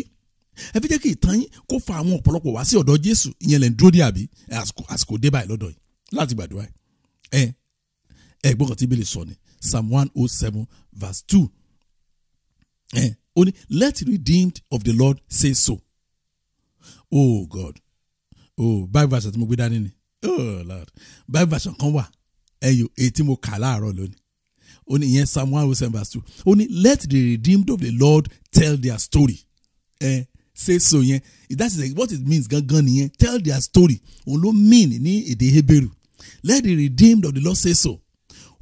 S1: ẹ fẹ́ jẹ́ kí ìtàn yín kó fa àwọn ọ̀pọ̀lọpọ̀ wá sí ọ̀dọ̀ Jésù ìyẹn lẹ́ ń dúró dé àbí àsìkò dé báyìí lọ́dọ̀ yìí láti gbàdúrà ẹ ẹ gbọ́kàn tí Bíbélì sọ ni Psalm one oh seven verse two ẹ Only let the redeemed of the Lord say so oh God oh bible verse tí mo gbé dání ni oh Lord bible verse kan wà ẹyọ eti mo kà láàárọ̀ lónìí ó ní ìyẹn psalm one oh verse two ó let the redeemed of the Lord tell their story Eh say so yẹn that is what it means gangan nìyẹn tell their story òun ló mean ní èdè Hebrew let the redeemed of the Lord say so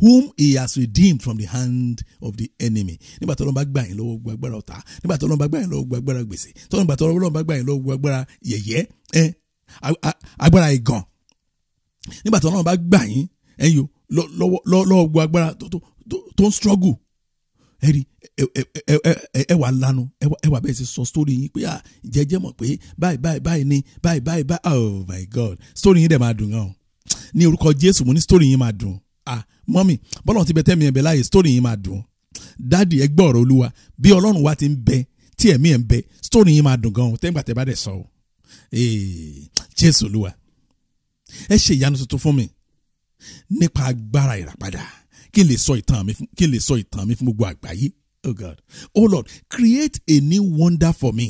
S1: whom he has redeemed from the hand of the enemy. nígbà tọ́lọ́run bá gbà yín lọ́wọ́ gbogbo ọ̀tá nígbà tọ́lọ́run bá gbà yín lọ́wọ́ gbogbo agbára gbèsè tọ́lọ́run bá tọ́lọ́run bá gbà yín lọ́wọ́ gbogbo agbára yẹ̀yẹ́ agbára ìgàn nígbà tọ́lọ́run bá gbà yín ẹ̀yìn lọ́wọ́ gbogbo tó ń struggle ẹ̀rí ẹ wà lanu ẹ wà bẹ́ẹ̀ sì sọ story yín pé à jẹ́jẹ́ mọ̀ pé báyìí báyìí báyìí ni báyìí báyìí báyìí oh my god story yín dẹ̀ máa dùn gan o orúkọ jésù mo ní story yín máa dùn ah mọ́mì bọ́lá ti bẹ tẹ́mi ẹ̀bẹ̀ láàyè story yìí máa dùn dáàdì ẹ gbọ́ ọ̀rọ̀ olúwa bí ọlọ́run wa ti ń bẹ tí ẹ̀mí ẹ̀ ń bẹ story yìí máa dùn gan-an tẹ́gbà tẹ́ bá dẹ̀ sọ o eh, jésù olúwa ẹ ṣe ìyanu tuntun fún mi nípa agbára ìràpadà kí n lè sọ ìtàn mi fún gbogbo àgbáyé oh god oh lord create a new wonder for me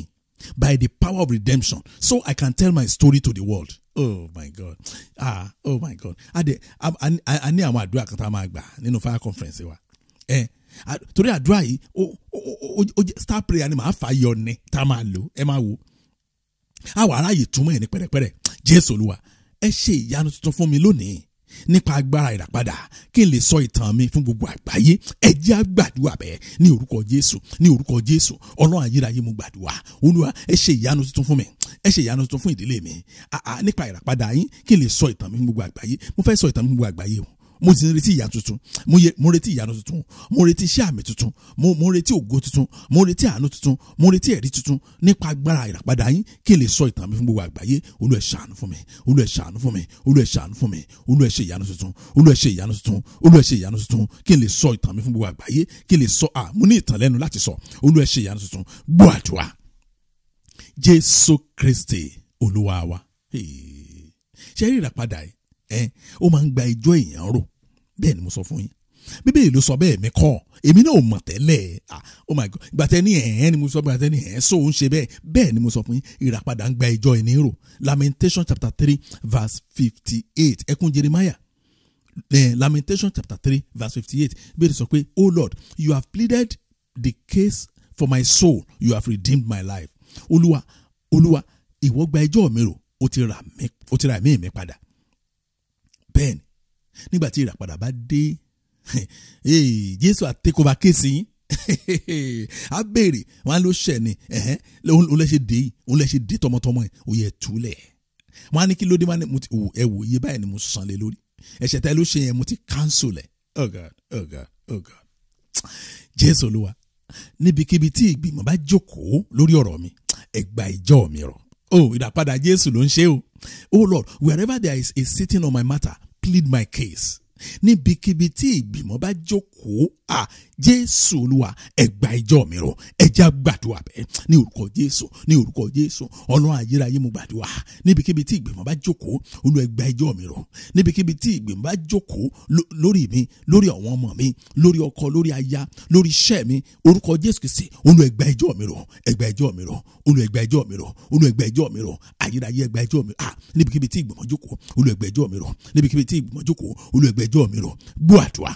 S1: by the power of redemption so i can tell my story to the world oh my god ah oh my god adé a ní àwọn àdúrà kan tá a máa gbà nínú fire conference wa ẹ torí àdúrà yìí ó star prayer ni màá fà yọ ni tá a máa lò ẹ máa wò àwọn aráàyè túmọ̀ ẹ̀ ní pẹ̀rẹ̀pẹ̀rẹ̀ jésù olúwa ẹ ṣe ìyanu tuntun fún mi lónìí nípa agbára ìràpadà kí n lè sọ ìtàn mi fún gbogbo àgbáyé ẹ jẹ́ a gbàdúrà bẹ́ẹ̀ ní orúkọ Jésù ní orúkọ Jésù Ọlọ́run ayérayé mo gbàdúrà Olúwa ẹ ṣe ìyanu tuntun fún mi ẹ ṣe ìyanu tuntun fún ìdílé mi nípa ìràpadà yín kí n lè sọ ìtàn mi fún gbogbo àgbáyé mo fẹ́ sọ ìtàn mi fún gbogbo àgbáyé o mo sì ń retí ìyà tuntun mo yẹ mo retí ìyanu tuntun mo retí iṣẹ́ àmì tuntun mo mo retí ògo tuntun mo retí àánú tuntun mo retí ẹ̀rí tuntun nípa agbára ìràpadà yín kí n lè sọ ìtàn mi fún gbogbo àgbáyé Olúwa ẹ ṣàánú fún mi Olúwa ẹ ṣàánú fún mi Olúwa ẹ ṣàánú fún mi Olúwa ẹ ṣe ìyanu tuntun Olúwa ẹ ṣe ìyanu tuntun Olúwa ẹ ṣe ìyanu tuntun kí n lè sọ ìtàn mi fún gbogbo àgbáyé kí n lè sọ à ní ìtàn lẹ́nu láti sọ Olúwa ẹ ṣe ìyanu tuntun gbọ́ àdúrà Jésù Kristi Olúwa wa ṣe rí ìràpadà yìí ó máa ń gba ìjọ èèyàn rò bẹ́ẹ̀ ni mo sọ fún yín bíbélì ló sọ bẹ́ẹ̀ mi kọ́ èmi náà ò mọ̀ tẹ́lẹ̀ oh my god gbàtẹ́ ní ẹ̀ẹ́n ni mo sọ gbàtẹ́ ní ẹ̀ẹ́n so ń ṣe bẹ́ẹ̀ bẹ́ẹ̀ ni mo sọ fún yín ìràpadà ń gba ìjọ ẹni rò lamentation chapter three verse fifty eight ẹkún jeremiah lamentation chapter three verse fifty eight bẹ́ẹ̀ sọ pé o lord you have pleaded the case for my soul you have redeemed my life olúwa olúwa ìwọ gba ìjọ mi rò o ti rà mí o ti rà padà bẹ́ẹ̀ ni nígbà tí ìràpadà bá dé Jésù àtẹkọba ké sí a béèrè wọn ló ṣẹ ni òun lẹ ṣe dé òun lẹ ṣe dé tọmọtọmọ yẹn ó yẹ túlẹ̀ wọn á ní kí ló dé wọn ní ẹ wò iye báyìí ni mo san lé lórí ẹ̀ṣẹ̀ tá ẹ ló ṣe yẹn mo ti cancel ẹ oh God oh God oh God Jésù Olúwa níbikíbi tí ìgbìmọ̀ bá jókòó lórí ọ̀rọ̀ mi ẹ gba ìjọ mi rọ̀ o oh, Jésù ló ń ṣe o Oh Lord, wherever there is a sitting on my matter, plead my case. Ni tí ìgbìmọ̀ bá jókòó jésù olúwa ẹgbà ìjọ mi rọ ẹjá gbàdúrà bẹ́ẹ̀ ní orúkọ jésù ní orúkọ jésù ọlọ́run ayérayé mo gbàdúrà níbikíbi tí ìgbìmọ̀ bá jókòó olú ẹgbà ìjọ mi rọ níbikíbi tí ìgbìmọ̀ bá jókòó lórí mi lórí àwọn ọmọ mi lórí ọkọ lórí aya lórí iṣẹ́ mi orúkọ jésù kìsì olú ẹgbà ìjọ mi rọ ẹgbà ìjọ mi rọ olú ẹgbà ìjọ mi rọ olú ẹgbà ìjọ mi rọ ayérayé ẹgbà ìjọ mi rọ níbikíbi tí ìgbìmọ̀ jókòó olú ẹgbà ìjọ mi rọ níbikíbi tí ìgbìmọ̀ jókòó olú ẹgbà ìjọ mi rọ gbọ́ àdúrà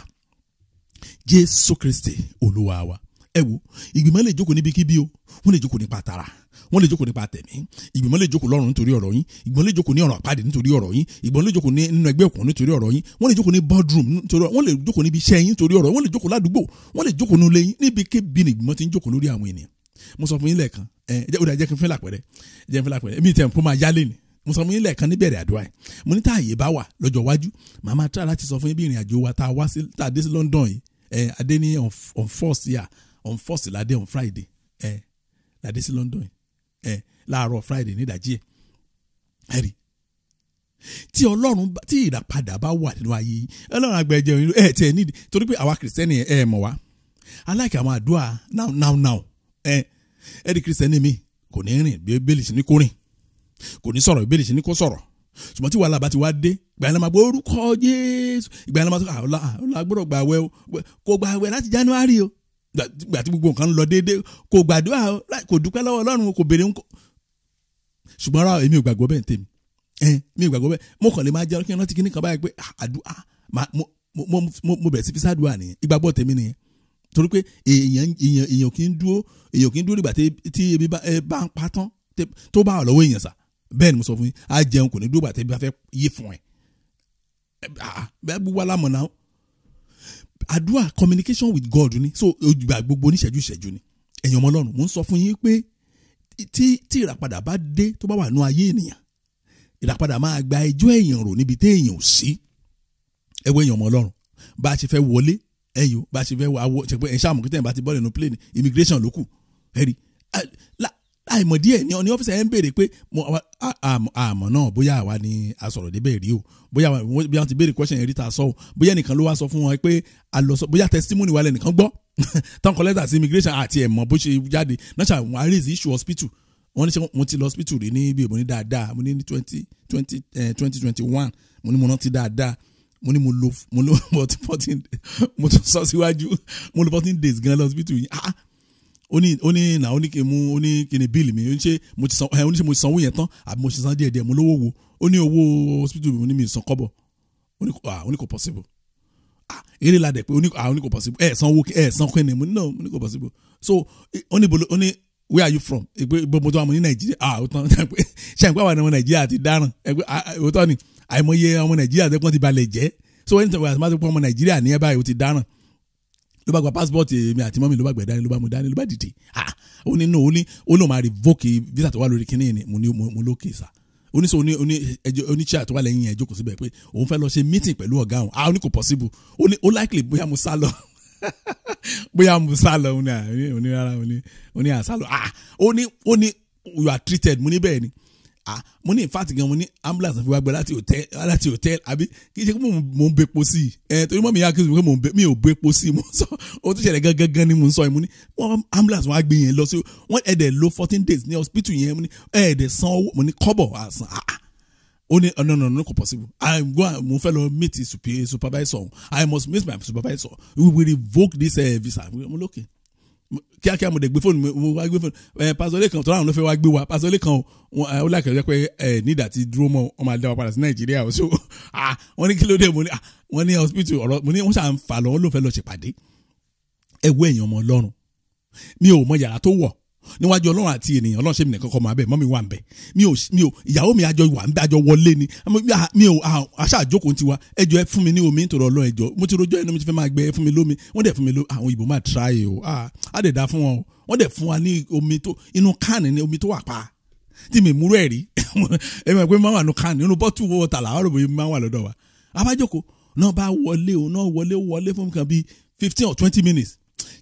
S1: jésù kristi olúwa wa ẹ wo ìgbìmọ̀ lè jókòó níbikíbi o wọ́n lè jókòó nípa tara wọ́n lè jókòó nípa tẹ̀mí ìgbìmọ̀ lè jókòó lọ́run nítorí ọ̀rọ̀ yín ìgbìmọ̀ lè jókòó ní ọ̀rọ̀ àpáàdé nítorí ọ̀rọ̀ yín ìgbìmọ̀ lè jókòó nínú ẹgbẹ́ òkùnkùn nítorí ọ̀rọ̀ yín wọ́n lè jókòó ní boardroom nítorí ọ̀rọ̀ wọ́n lè jókòó níbi iṣẹ́ yín nítorí ọ̀rọ̀ wọ́n lè jókòó ládùúgbò wọ́n lè jókòó nulẹ̀ yín níbikíbi ni ìgbìmọ̀ ti ń jókòó lórí àwọn ènìyàn mo sọ fún yín lẹ́ẹ̀kan ẹ ó dà jẹ́ kí n fẹ́ làpẹ̀rẹ̀ jẹ́ fẹ́ làpẹ̀rẹ̀ mi tẹ̀ ń pọ́ máa yálé ni mo sọ fún yín lẹ́ẹ̀kan níbẹ̀rẹ̀ àdúrà yìí mo ní táàyè bá wà lọ́jọ́ iwájú màmá tíra láti sọ fún yín bí ìrìn àjò wa tá a wá sí tá a dé sí London yìí ẹ eh, adé ní on first yà on first ládé on friday ẹ eh, ládé sí london ẹ eh, láàárọ̀ friday nídàjí ẹ ẹ rí tí ọlọ́run tí ìràpadà bá wà nínú ayé yìí ọlọ́run àgbẹ̀jẹ̀ òyìnbó ẹ tiẹ̀ nídìí torí pé àwa kìrìsìtẹ́nì ẹ mọ̀ wá aláìkè àwọn àdúrà now now now ẹ ẹ rí kìrìsìtẹ́nì mi kò ní rìn bí bẹ́ẹ̀lì sí ni kò rìn kò ní sọ̀rọ̀ bí sí ni kò sọ̀rọ̀ ṣùgbọ́n tí wàhálà bá ti wá dé ìgbà yẹn la máa gbọ́ orúkọ Jésù ìgbà yẹn la máa sọ àwòlá ah, ah, gbọ́dọ̀ gbà wẹ̀ kò gbà wẹ̀ láti January o gbà tí gbogbo nǹkan ń lọ déédéé kò gbàdúrà o kò dúpẹ́ lọ́wọ́ Ọlọ́run kò béèrè ńkọ́ ṣùgbọ́n ara èmi ò gbàgbọ́ bẹ́ẹ̀ tèmi ẹ mi ò gbàgbọ́ bẹ́ẹ̀ mo kàn lè máa jẹ́ kí n rántí kíní kan báyìí pé ah, àdúrà mo bẹ̀rẹ̀ sí fi sádùá nìyẹn ìgbàgbọ́ tèmi nìyẹn torí pé èèyàn èèyàn èèyàn kì í dúró èèyàn kì í dúró nígbà tí ebi eh, bá ń pa tó bá wà lọ́wọ́ èèyàn sá bẹ́ẹ̀ ni mo sọ fún yín á jẹun kò ní dúró bàtẹ́ bí wọ́n fẹ́ yé fún ẹ ah, bẹ́ẹ̀ bí wọ́n lámọ̀ náà àdúrà communication with God ni so ìgbà gbogbo oníṣẹ́jú ìṣẹ́jú ni ẹ̀yin ọmọ ọlọ́run mo ń sọ fún yín pé tí tí ìràpadà bá dé tó bá wà nú ayé ènìyàn ìràpadà máa gba ẹjọ́ èèyàn rò níbi tí èèyàn ò sí ẹ wo ọmọ ọlọ́run bá a ṣe fẹ́ wọlé ẹ̀yọ́ bá a ṣe fẹ́ wọ àwọ ṣe pé ẹ̀ṣẹ́ àmọ̀kítẹ́ bá ti bọ́ọ̀lù nínú plane immigration ló kù ẹ̀rí àìmọ̀ díẹ̀ ni ọ̀ní ọ́fíìsì ẹ̀ ń béèrè pé àmọ̀ náà bóyá àwa ni a sọ̀rọ̀ débẹ̀ rí o bóyá wọ́n ti béèrè question yẹn rí ta sọ o bóyá nìkan ló wá sọ fún wọn pé àlọ́sọ bóyá testimony wa lẹ́nìkan gbọ́ tán kọ lẹ́tà sí immigration àti ẹ̀mọ́ bó ṣe jáde náà ṣàwọn àríṣì issue hospital wọ́n ní ṣe mo ti lọ hospital rí ní ibi ìmúni dáadáa mo ní ní twenty twenty twenty one mo ní mo rántí dáadáa mo ní mo lo mo lo fourteen mo tún sọ síwájú mo lo fourteen days gan lọ hospital yìí ah ó ní ó ní nà ó ní kí mú ó ní kí ni bíìlì mi ó ní ṣe mo ti san ẹ ó ní ṣe mo ti sanwó yẹn tán àbí mo ti san díẹ̀ mo lówó wo ó ní owó hospital mi ó ní mi san kọ́bọ̀ ó ní ah ó ní kò possible ah eré la dẹ̀ pé ó ní ah ó ní kò possible ẹ san owó ẹ san kẹ́ni mo ní no ó ní kò possible so ó ní bolo ó ní where are you from ẹgbẹ́ gbogbo tó wà mọ́ ní nàìjíríà ah ó tán ṣe àgbà wà ní ọmọ nàìjíríà ti dáràn ẹgbẹ́ ó ni àìmọye ọmọ nàìjíríà tẹ́kọ́ ti balẹ̀ jẹ́ so ẹni tẹ̀wé àti má ti pọ́ ọmọ nàìjíríà ní ẹ báyìí ó ti dáràn ló bá gba passport mi àti mọ́mi ló bá gbẹ̀ dání ló bá mu dání ló bá dìde ah ó ní no ó ní ó lóun máa revoke visa tó wà lórí kínní ni mo ní mo lókè sá oníṣe oní oní ẹjọ oníṣẹ́ àtúwà lẹ́yìn ẹjọ́ kò síbẹ̀ pé òun fẹ́ lọ ṣe meeting pẹ̀lú ọ̀gá òun ah ó ní kò possible ó ní ó likely bóyá mo sá lọ bóyá mo sá lọ ó ní rárá ó ní àsálọ ah ó ní ó ní you are treated mo ní bẹ́ẹ̀ ni ah mo ní ìfáàtì gan mo ní ambulance fi wá gbẹ láti hotel láti hotel àbí kì í ṣe pé mo ń bepo sí i ẹ eh, torí mọ́ mi yá kí n sọ pé mi ò bepo sí i mo sọ o tún ṣẹlẹ̀ gangan ni mo ń sọ yìí mo ní wọ́n ambulance wọn á gbé yẹn lọ sí wọ́n ẹ̀dẹ̀ lo fourteen days ní hospital yẹn mo ní ẹ̀ẹ́dẹ̀ san owó mo ní kọ́bọ̀ àsán ah, ah ó ní ọ̀nà ọ̀nà ọ̀nà kò possible i go mo fẹ́ lọ meet supervisor i must meet my supervisor we will revoke this uh, ah, visa mo lókè. Okay kíákíá mo dẹ̀ gbé fóònù mo wá gbé fóònù ẹ eh, pásọlé kan tó láwọn ló fẹ́ wá gbé wa pásọlé kan eh, ó lákẹ́ jẹ́ pé ẹ eh, nídà ti dúró mọ́ ọ máa dá wa padà sí nàìjíríà o so ah, wọ́n ní kí ló dé mo ní ah, wọ́n ní hospital ọ̀rọ̀ mo ní wọ́n ṣàn fà lọ́wọ́ ló fẹ́ lọ ṣèpàdé ẹ wọ ẹ̀yìn ọmọ ọlọ́run mi ò mọ yàrá tó wọ̀ níwájú ọlọ́run àti ènìyàn ọlọ́run ṣe mi nìkan kọ́ máa bẹ̀ mọ́ mi wà ń bẹ̀ mi ò mi ò ìyàwó mi àjọ wà ń bẹ̀ àjọ wọlé ni mi ò aṣáàjókòó tiwa ẹjọ́ ẹ fún mi ní omi nítorí ọlọ́run ẹjọ́ mo ti rojọ́ ẹnu mi ti fẹ́ máa gbẹ fún mi lómi wọ́n dẹ̀ fún mi lómi àwọn òyìnbó máa tíráyè o á dẹ̀ dá fún wọn o wọ́n dẹ̀ fún wa ní omi tó inú káànì ní omi tó wà pa tí mi múrú ẹ̀ rí ẹ mọ̀ fifteen or twenty minutes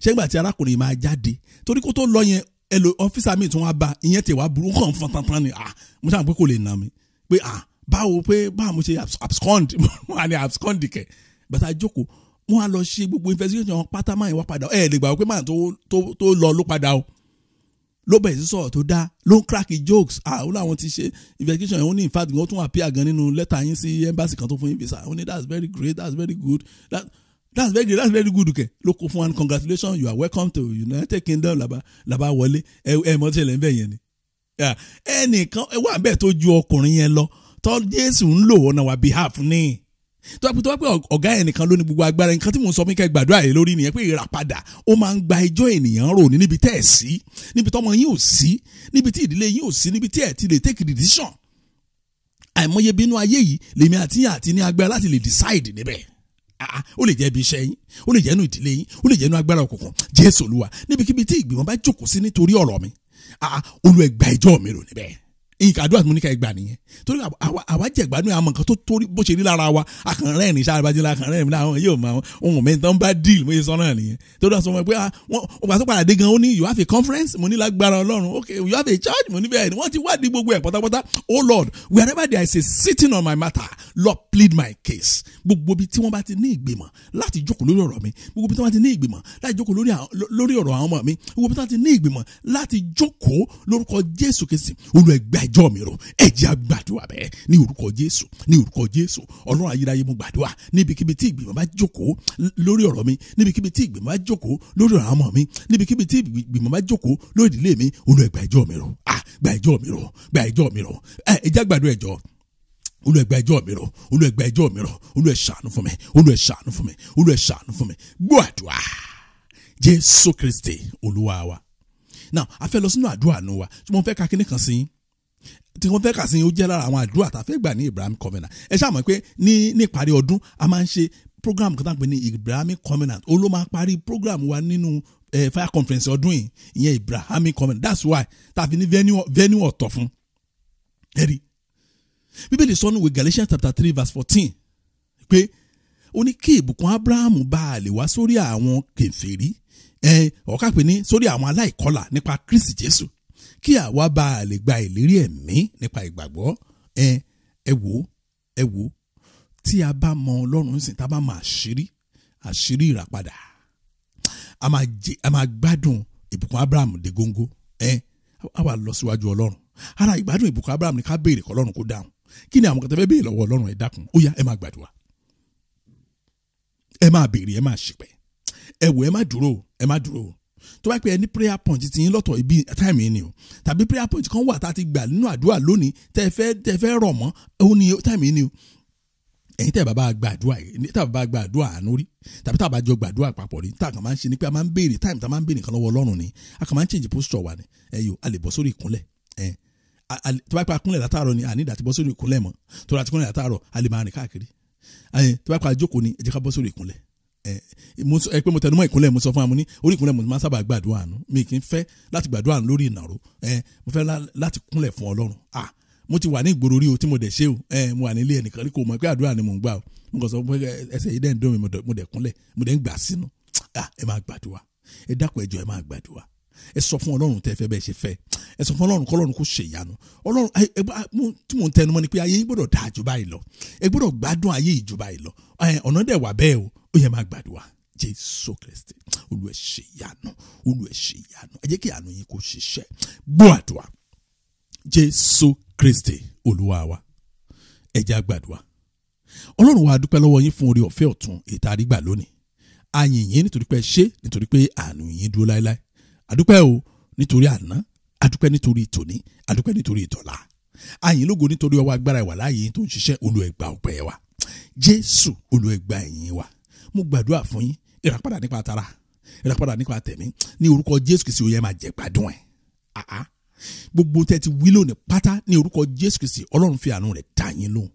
S1: ṣé ìgbà tí arákùnrin máa jáde torí kó tó lọ yẹn ẹlò ọ́fíìsà mi tún wá bá ìyẹn tẹ̀ wá burú kàn fún tantan ni ah mo ṣàǹpẹ́ kò lè nà mí pé ah báwo pé báwo mo ṣe abscond mo wà ní abscond kẹ̀ bàtà jókòó wọ́n á lọ ṣe gbogbo investigation pátá máa wá padà ẹ̀ lè gbà pé máa tó lọ ló padà o ló bẹ̀rẹ̀ sí sọ̀rọ̀ tó dáa ló ń crack jokes àwọn ah, làwọn ti ṣe investigation yẹn ó ní in fact wọ́n tún appear gan nínú lẹ́tà yín sí embassy kan tó fún yín visa ó ní that's very great that's very good that that's very that's very good okay lóko fún wa congratulations you are welcome to United Kingdom laba laba wọlé ẹ ẹ mọ tẹ́lẹ̀ ń bẹ yẹn ni ẹnìkan ẹ wà bẹ́ẹ̀ tó ju ọkùnrin yẹn lọ tó Jésù ń lò ọ̀nà wa behalf ní tó pé tó pé ọ̀gá ẹnìkan ló ní gbogbo agbára nǹkan tí mò ń sọ mí kẹ́ gbàdúrà yìí lórí nìyẹn pé ìràpadà ó máa ń gba ẹjọ́ ènìyàn rò ní níbi tẹ́ ẹ̀ sí níbi tọ́mọ yín ò sí níbi tí ìdílé yín ò sí níbi tí ẹ̀ ti lè take decision àìmọye bínú ayé yìí lèmi àti yín àti ní agbára láti lè decide níbẹ̀ Ah, ah, ó lè jẹ́ ibi iṣẹ́ yín ó lè jẹ́ inú ìdílé yín ó lè jẹ́ inú agbára òkùnkùn jésù olúwa níbikíbi tí ìgbìmọ̀ bá jókòó sí nítorí ọ̀rọ̀ mi ah, olú ẹgbàá ìjọ mi rò níbẹ̀ nǹkan àdúrà tí mo ní ká ìgbà nìyẹn torí àwa jẹ̀gbádùn àwọn nǹkan tó torí bó ṣe rí lára wa akànrẹ́ ìrìn sábàjẹ́ la akànrẹ́ ìrìn láwọn yóò máa ohun mi tán bá díìl mo ṣe sọ náà nìyẹn torí àwọn sọmọ pé ah, wọn ògbà tó padà dé gan ó ní you have a conference mo ní lágbára ọlọ́run ok you have a church mo ní bẹ́ẹ̀ ni wọ́n ti wádìí gbogbo ẹ̀ pátápátá oh lord wherever there is a sitting on my matter lord plead my case gbogbo bí tí wọ́n bá ti ní ìgbìmọ̀ láti jókòó lórí ọ̀rọ̀ mi gbogbo bí tí wọ́n bá ti ní ìgbìmọ̀ láti jókòó lórí ọ̀rọ̀ àwọn ọmọ mi gbogbo bí tí wọ́n bá ti ní ìgbìmọ̀ láti jókòó lórúkọ jésù kìsì olùẹ̀gbà ìjọ mi rò ẹ̀jẹ̀ àgbàdua bẹ́ẹ̀ ní orúkọ jésù ní orúkọ jésù ọlọ́run ayérayé mo gbàdúrà níbikíbi tí ìgbìmọ̀ bá jókòó lórí ọ̀rọ̀ mi níbikíbi tí ìgbìmọ̀ bá jókòó lórí ọ̀rọ̀ ọmọ mi níbikíbi tí ìgbìmọ̀ bá jókòó lórí ìdílé mi olú ẹ̀gbà ìjọ mi ro. ah gbà ìjọ mi rò ah, gbà ìjọ mi rò ẹ̀jẹ̀ àgbàdua ẹ̀jọ olú ẹgbẹ ẹjọ́ mi rọ̀ olú ẹgbẹ ẹjọ́ mi rọ̀ olú ẹ ṣàánú fún mi olú ẹ ṣàánú fún mi olú ẹ ṣàánú fún mi gbọ́ àdúrà jésù kristi olúwa wa now a fẹ́ lọ sínú àdúrà nu wa tí mo fẹ́ ka kíní kan sí tí wọ́n fẹ́ kà sí ó jẹ́ lára àwọn àdúrà tá a fẹ́ gbà ní Abraham Covenant ẹ ṣáà pé ní níparí ọdún a máa ń ṣe program kan tá a pè ní Abrahamic Covenant ó ló máa parí program wa nínú fire conference ọdún yìí ìyẹn Abrahamic Covenant that's why tá a fi ní venue venue ọ̀tọ̀ fún ẹ̀rí bíbélì sọ ní Galatians chapter three verse fourteen pé ó ní kí ìbùkún Abrahamu bá a lè wá sórí àwọn kèfèrí ọ̀ká pè ní sórí àwọn aláìkọlà nípa Kristi Jésù kí àwa bá a lè gba ìlérí ẹ̀mí nípa ìgbàgbọ́ ẹ ẹ wò ẹ wò tí a bá mọ ọlọ́run sìn tá a bá mọ àṣírí àṣírí ìràpadà a máa jẹ a máa gbádùn ìbùkún Abraham dé góńgó ẹ a wà lọ síwájú ọlọ́run ara ìgbádùn ìbùkún Abraham ni ká béèrè kọ́ ọlọ́run kó dáhùn kí ni àwọn kan tẹ́ fẹ́ béèrè lọ́wọ́ ọlọ́run ẹ dákun ó yá ẹ máa gbàdúrà ẹ máa béèrè ẹ máa ṣìpẹ̀ ẹ wò ẹ má dúró ẹ má dúró tó bá pẹ́ ẹ ní prayer point ti yín lọ́tọ̀ ibi time yẹn ni o tàbí prayer point kan wà tá a ti gbà nínú àdúrà lónìí tẹ́ fẹ́ tẹ́ fẹ́ rọ̀ mọ́ ó ní time yẹn ni o ẹ̀yin tẹ́ bàbá gbàdúrà ẹ̀yin tẹ́ bàbá gbàdúrà àánú rí tàbí tàbá jọ gbàdúrà papọ̀ rí tá a kàn máa ń ṣe ni pé a máa ń béèrè time tá a máa ń béèrè nǹkan lọ́wọ́ Ọlọ́run ni a kàn máa ń change posture wa ni ẹ yòó a lè bọ́ sórí ìkúnlẹ̀ ẹ tó bá pa akúnlẹ̀ látàárọ̀ ni àní ìdàtí bọ́ sórí ìkúnlẹ̀ mọ́ tó bá ti kúnlẹ̀ látàárọ̀ a lè máa rìn káàkiri tó bá pa àjókòó ni ẹ jẹ́ ká bọ́ sórí ìkúnlẹ̀ ẹ pé mo tẹnumọ́ ìkúnlẹ̀ mo sọ fún wa mo ní orí ìkúnlẹ̀ mo máa ń sábà gbàdúrà nù mi kì í fẹ́ láti gbàdúrà nù lórí ìnáró mo fẹ́ láti kúnlẹ̀ fún Ọlọ́run ah mo ti wà ní ìgboro rí o tí mo dẹ̀ ṣe o ẹ mo wà nílé ẹnìkan kò mọ̀ pé àdúrà ni mò ń gbà o mo kàn sọ pé ẹsẹ̀ yìí dẹ̀ mi mo dẹ̀ kúnlẹ̀ mo dẹ̀ ń gbà sínú ah ẹ máa gbàdúrà ẹ dákun ẹjọ ẹ máa gbàdúrà ẹ sọ fún Ọlọ́run tẹ́ fẹ́ bẹ́ẹ̀ ṣe fẹ́ ẹ sọ fún Ọlọ́run kọ́lọ́run kò ṣe ìyanu Ọlọ́run tí mò ń tẹnumọ́ ni pé ayé gbọ́dọ̀ dáa jù báyìí lọ ẹ gbọ́dọ̀ gbádùn ayé ìjù báyìí lọ ọ̀nà dẹ̀ wà bẹ́ẹ̀ o ó yẹ máa gbàdúrà jésù kristi olúwa ṣe ìyanu olúwa ṣe ìyanu ẹ jẹ́ kí ìyanu yín kó ṣiṣẹ́ gbọ́ àdúrà jésù kristi olúwa wa ẹ jẹ́ àgbàdúrà ọlọ́run wa dúpẹ́ lọ́wọ́ yín fún oore ọ̀fẹ́ ọ̀tun ètò àrígbà lónìí a yín nítorí pé ṣé nítorí pé àánú yín dúró láéláé a o nítorí àná a dúpẹ́ nítorí tòní a dúpẹ́ nítorí ìtọ́lá a yìn lógo nítorí ọwọ́ agbára ìwà láàyè tó ń wa jésù olú ẹ mo gbàdúrà fún yín ìràpadà nípa tara ìràpadà nípa tẹ̀mí ní orúkọ jésù kìí ṣe oyè máa jẹ gbádùn ẹ̀ àá gbogbo tẹ́ ti wí lónìí pátá ní orúkọ jésù kìí ṣe ọlọ́run fi àánú rẹ̀ dá yín lóhùn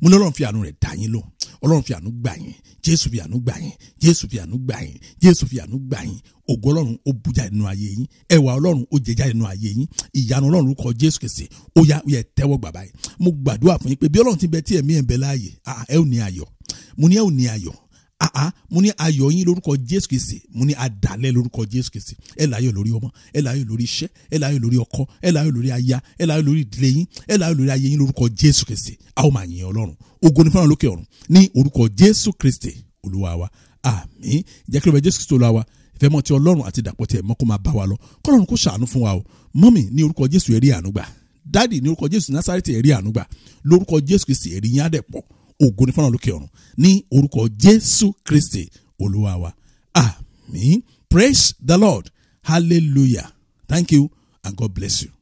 S1: mo ní ọlọ́run fi àánú rẹ̀ dá yín lóhùn ọlọ́run fi àánú gbà yín jésù fi àánú gbà yín jésù fi àánú gbà yín jésù fi àánú gbà yín ògo ọlọ́run ó bújà nínú ayé yín ẹwà ọlọ́run ó jẹjà nínú ayé yín ìyanu ọlọ́run orúkọ jésù kìsì ó yá ó yẹ tẹ́wọ́ gbàgbà mo gbàdúrà fún yín pé bí ọlọ́run ti bẹ tí ẹ̀mí ẹ̀ bẹ láàyè ẹ ò ní ayọ̀ mo ní ẹ ò ní ayọ̀ Ah, ah, mo ní ayọ̀ yín lórúkọ jésù kìsì mo ní adàlẹ́ lórúkọ jésù kìsì ẹ láyọ̀ lórí ọmọ ẹ láyọ̀ lórí iṣẹ́ ẹ láyọ̀ lórí ọkọ ẹ láyọ̀ lórí aya ẹ láyọ̀ lórí ìdílé yín ẹ láyọ̀ lórí ayé yín lórúkọ jésù kìsì a ó máa yìn ọlọ́run ògo ni fọ́nrán lókè ọ̀run ní orúkọ jésù kristi olúwa wa àmín jẹ́ kí ló bẹ jésù kristi olúwa wa ìfẹ́ mọ́ ti ọlọ́run àti ìdàpọ̀ tiẹ̀ mọ́ kó máa bá wa lọ kọ́lọ́run kó ṣàánú fún wa o mọ́mì ní orúkọ jésù ẹ̀rí àánú gbà dáàdì ní orúkọ jésù násárẹ́tì ẹ̀rí àánú gbà lórúkọ jésù kìsì ẹ̀rí yín á dẹ̀ pọ̀ ògo ni fọlọ́run lókè ọ̀run ní orúkọ jésù kristi olúwa wa àmín praise the lord hallelujah thank you and god bless you.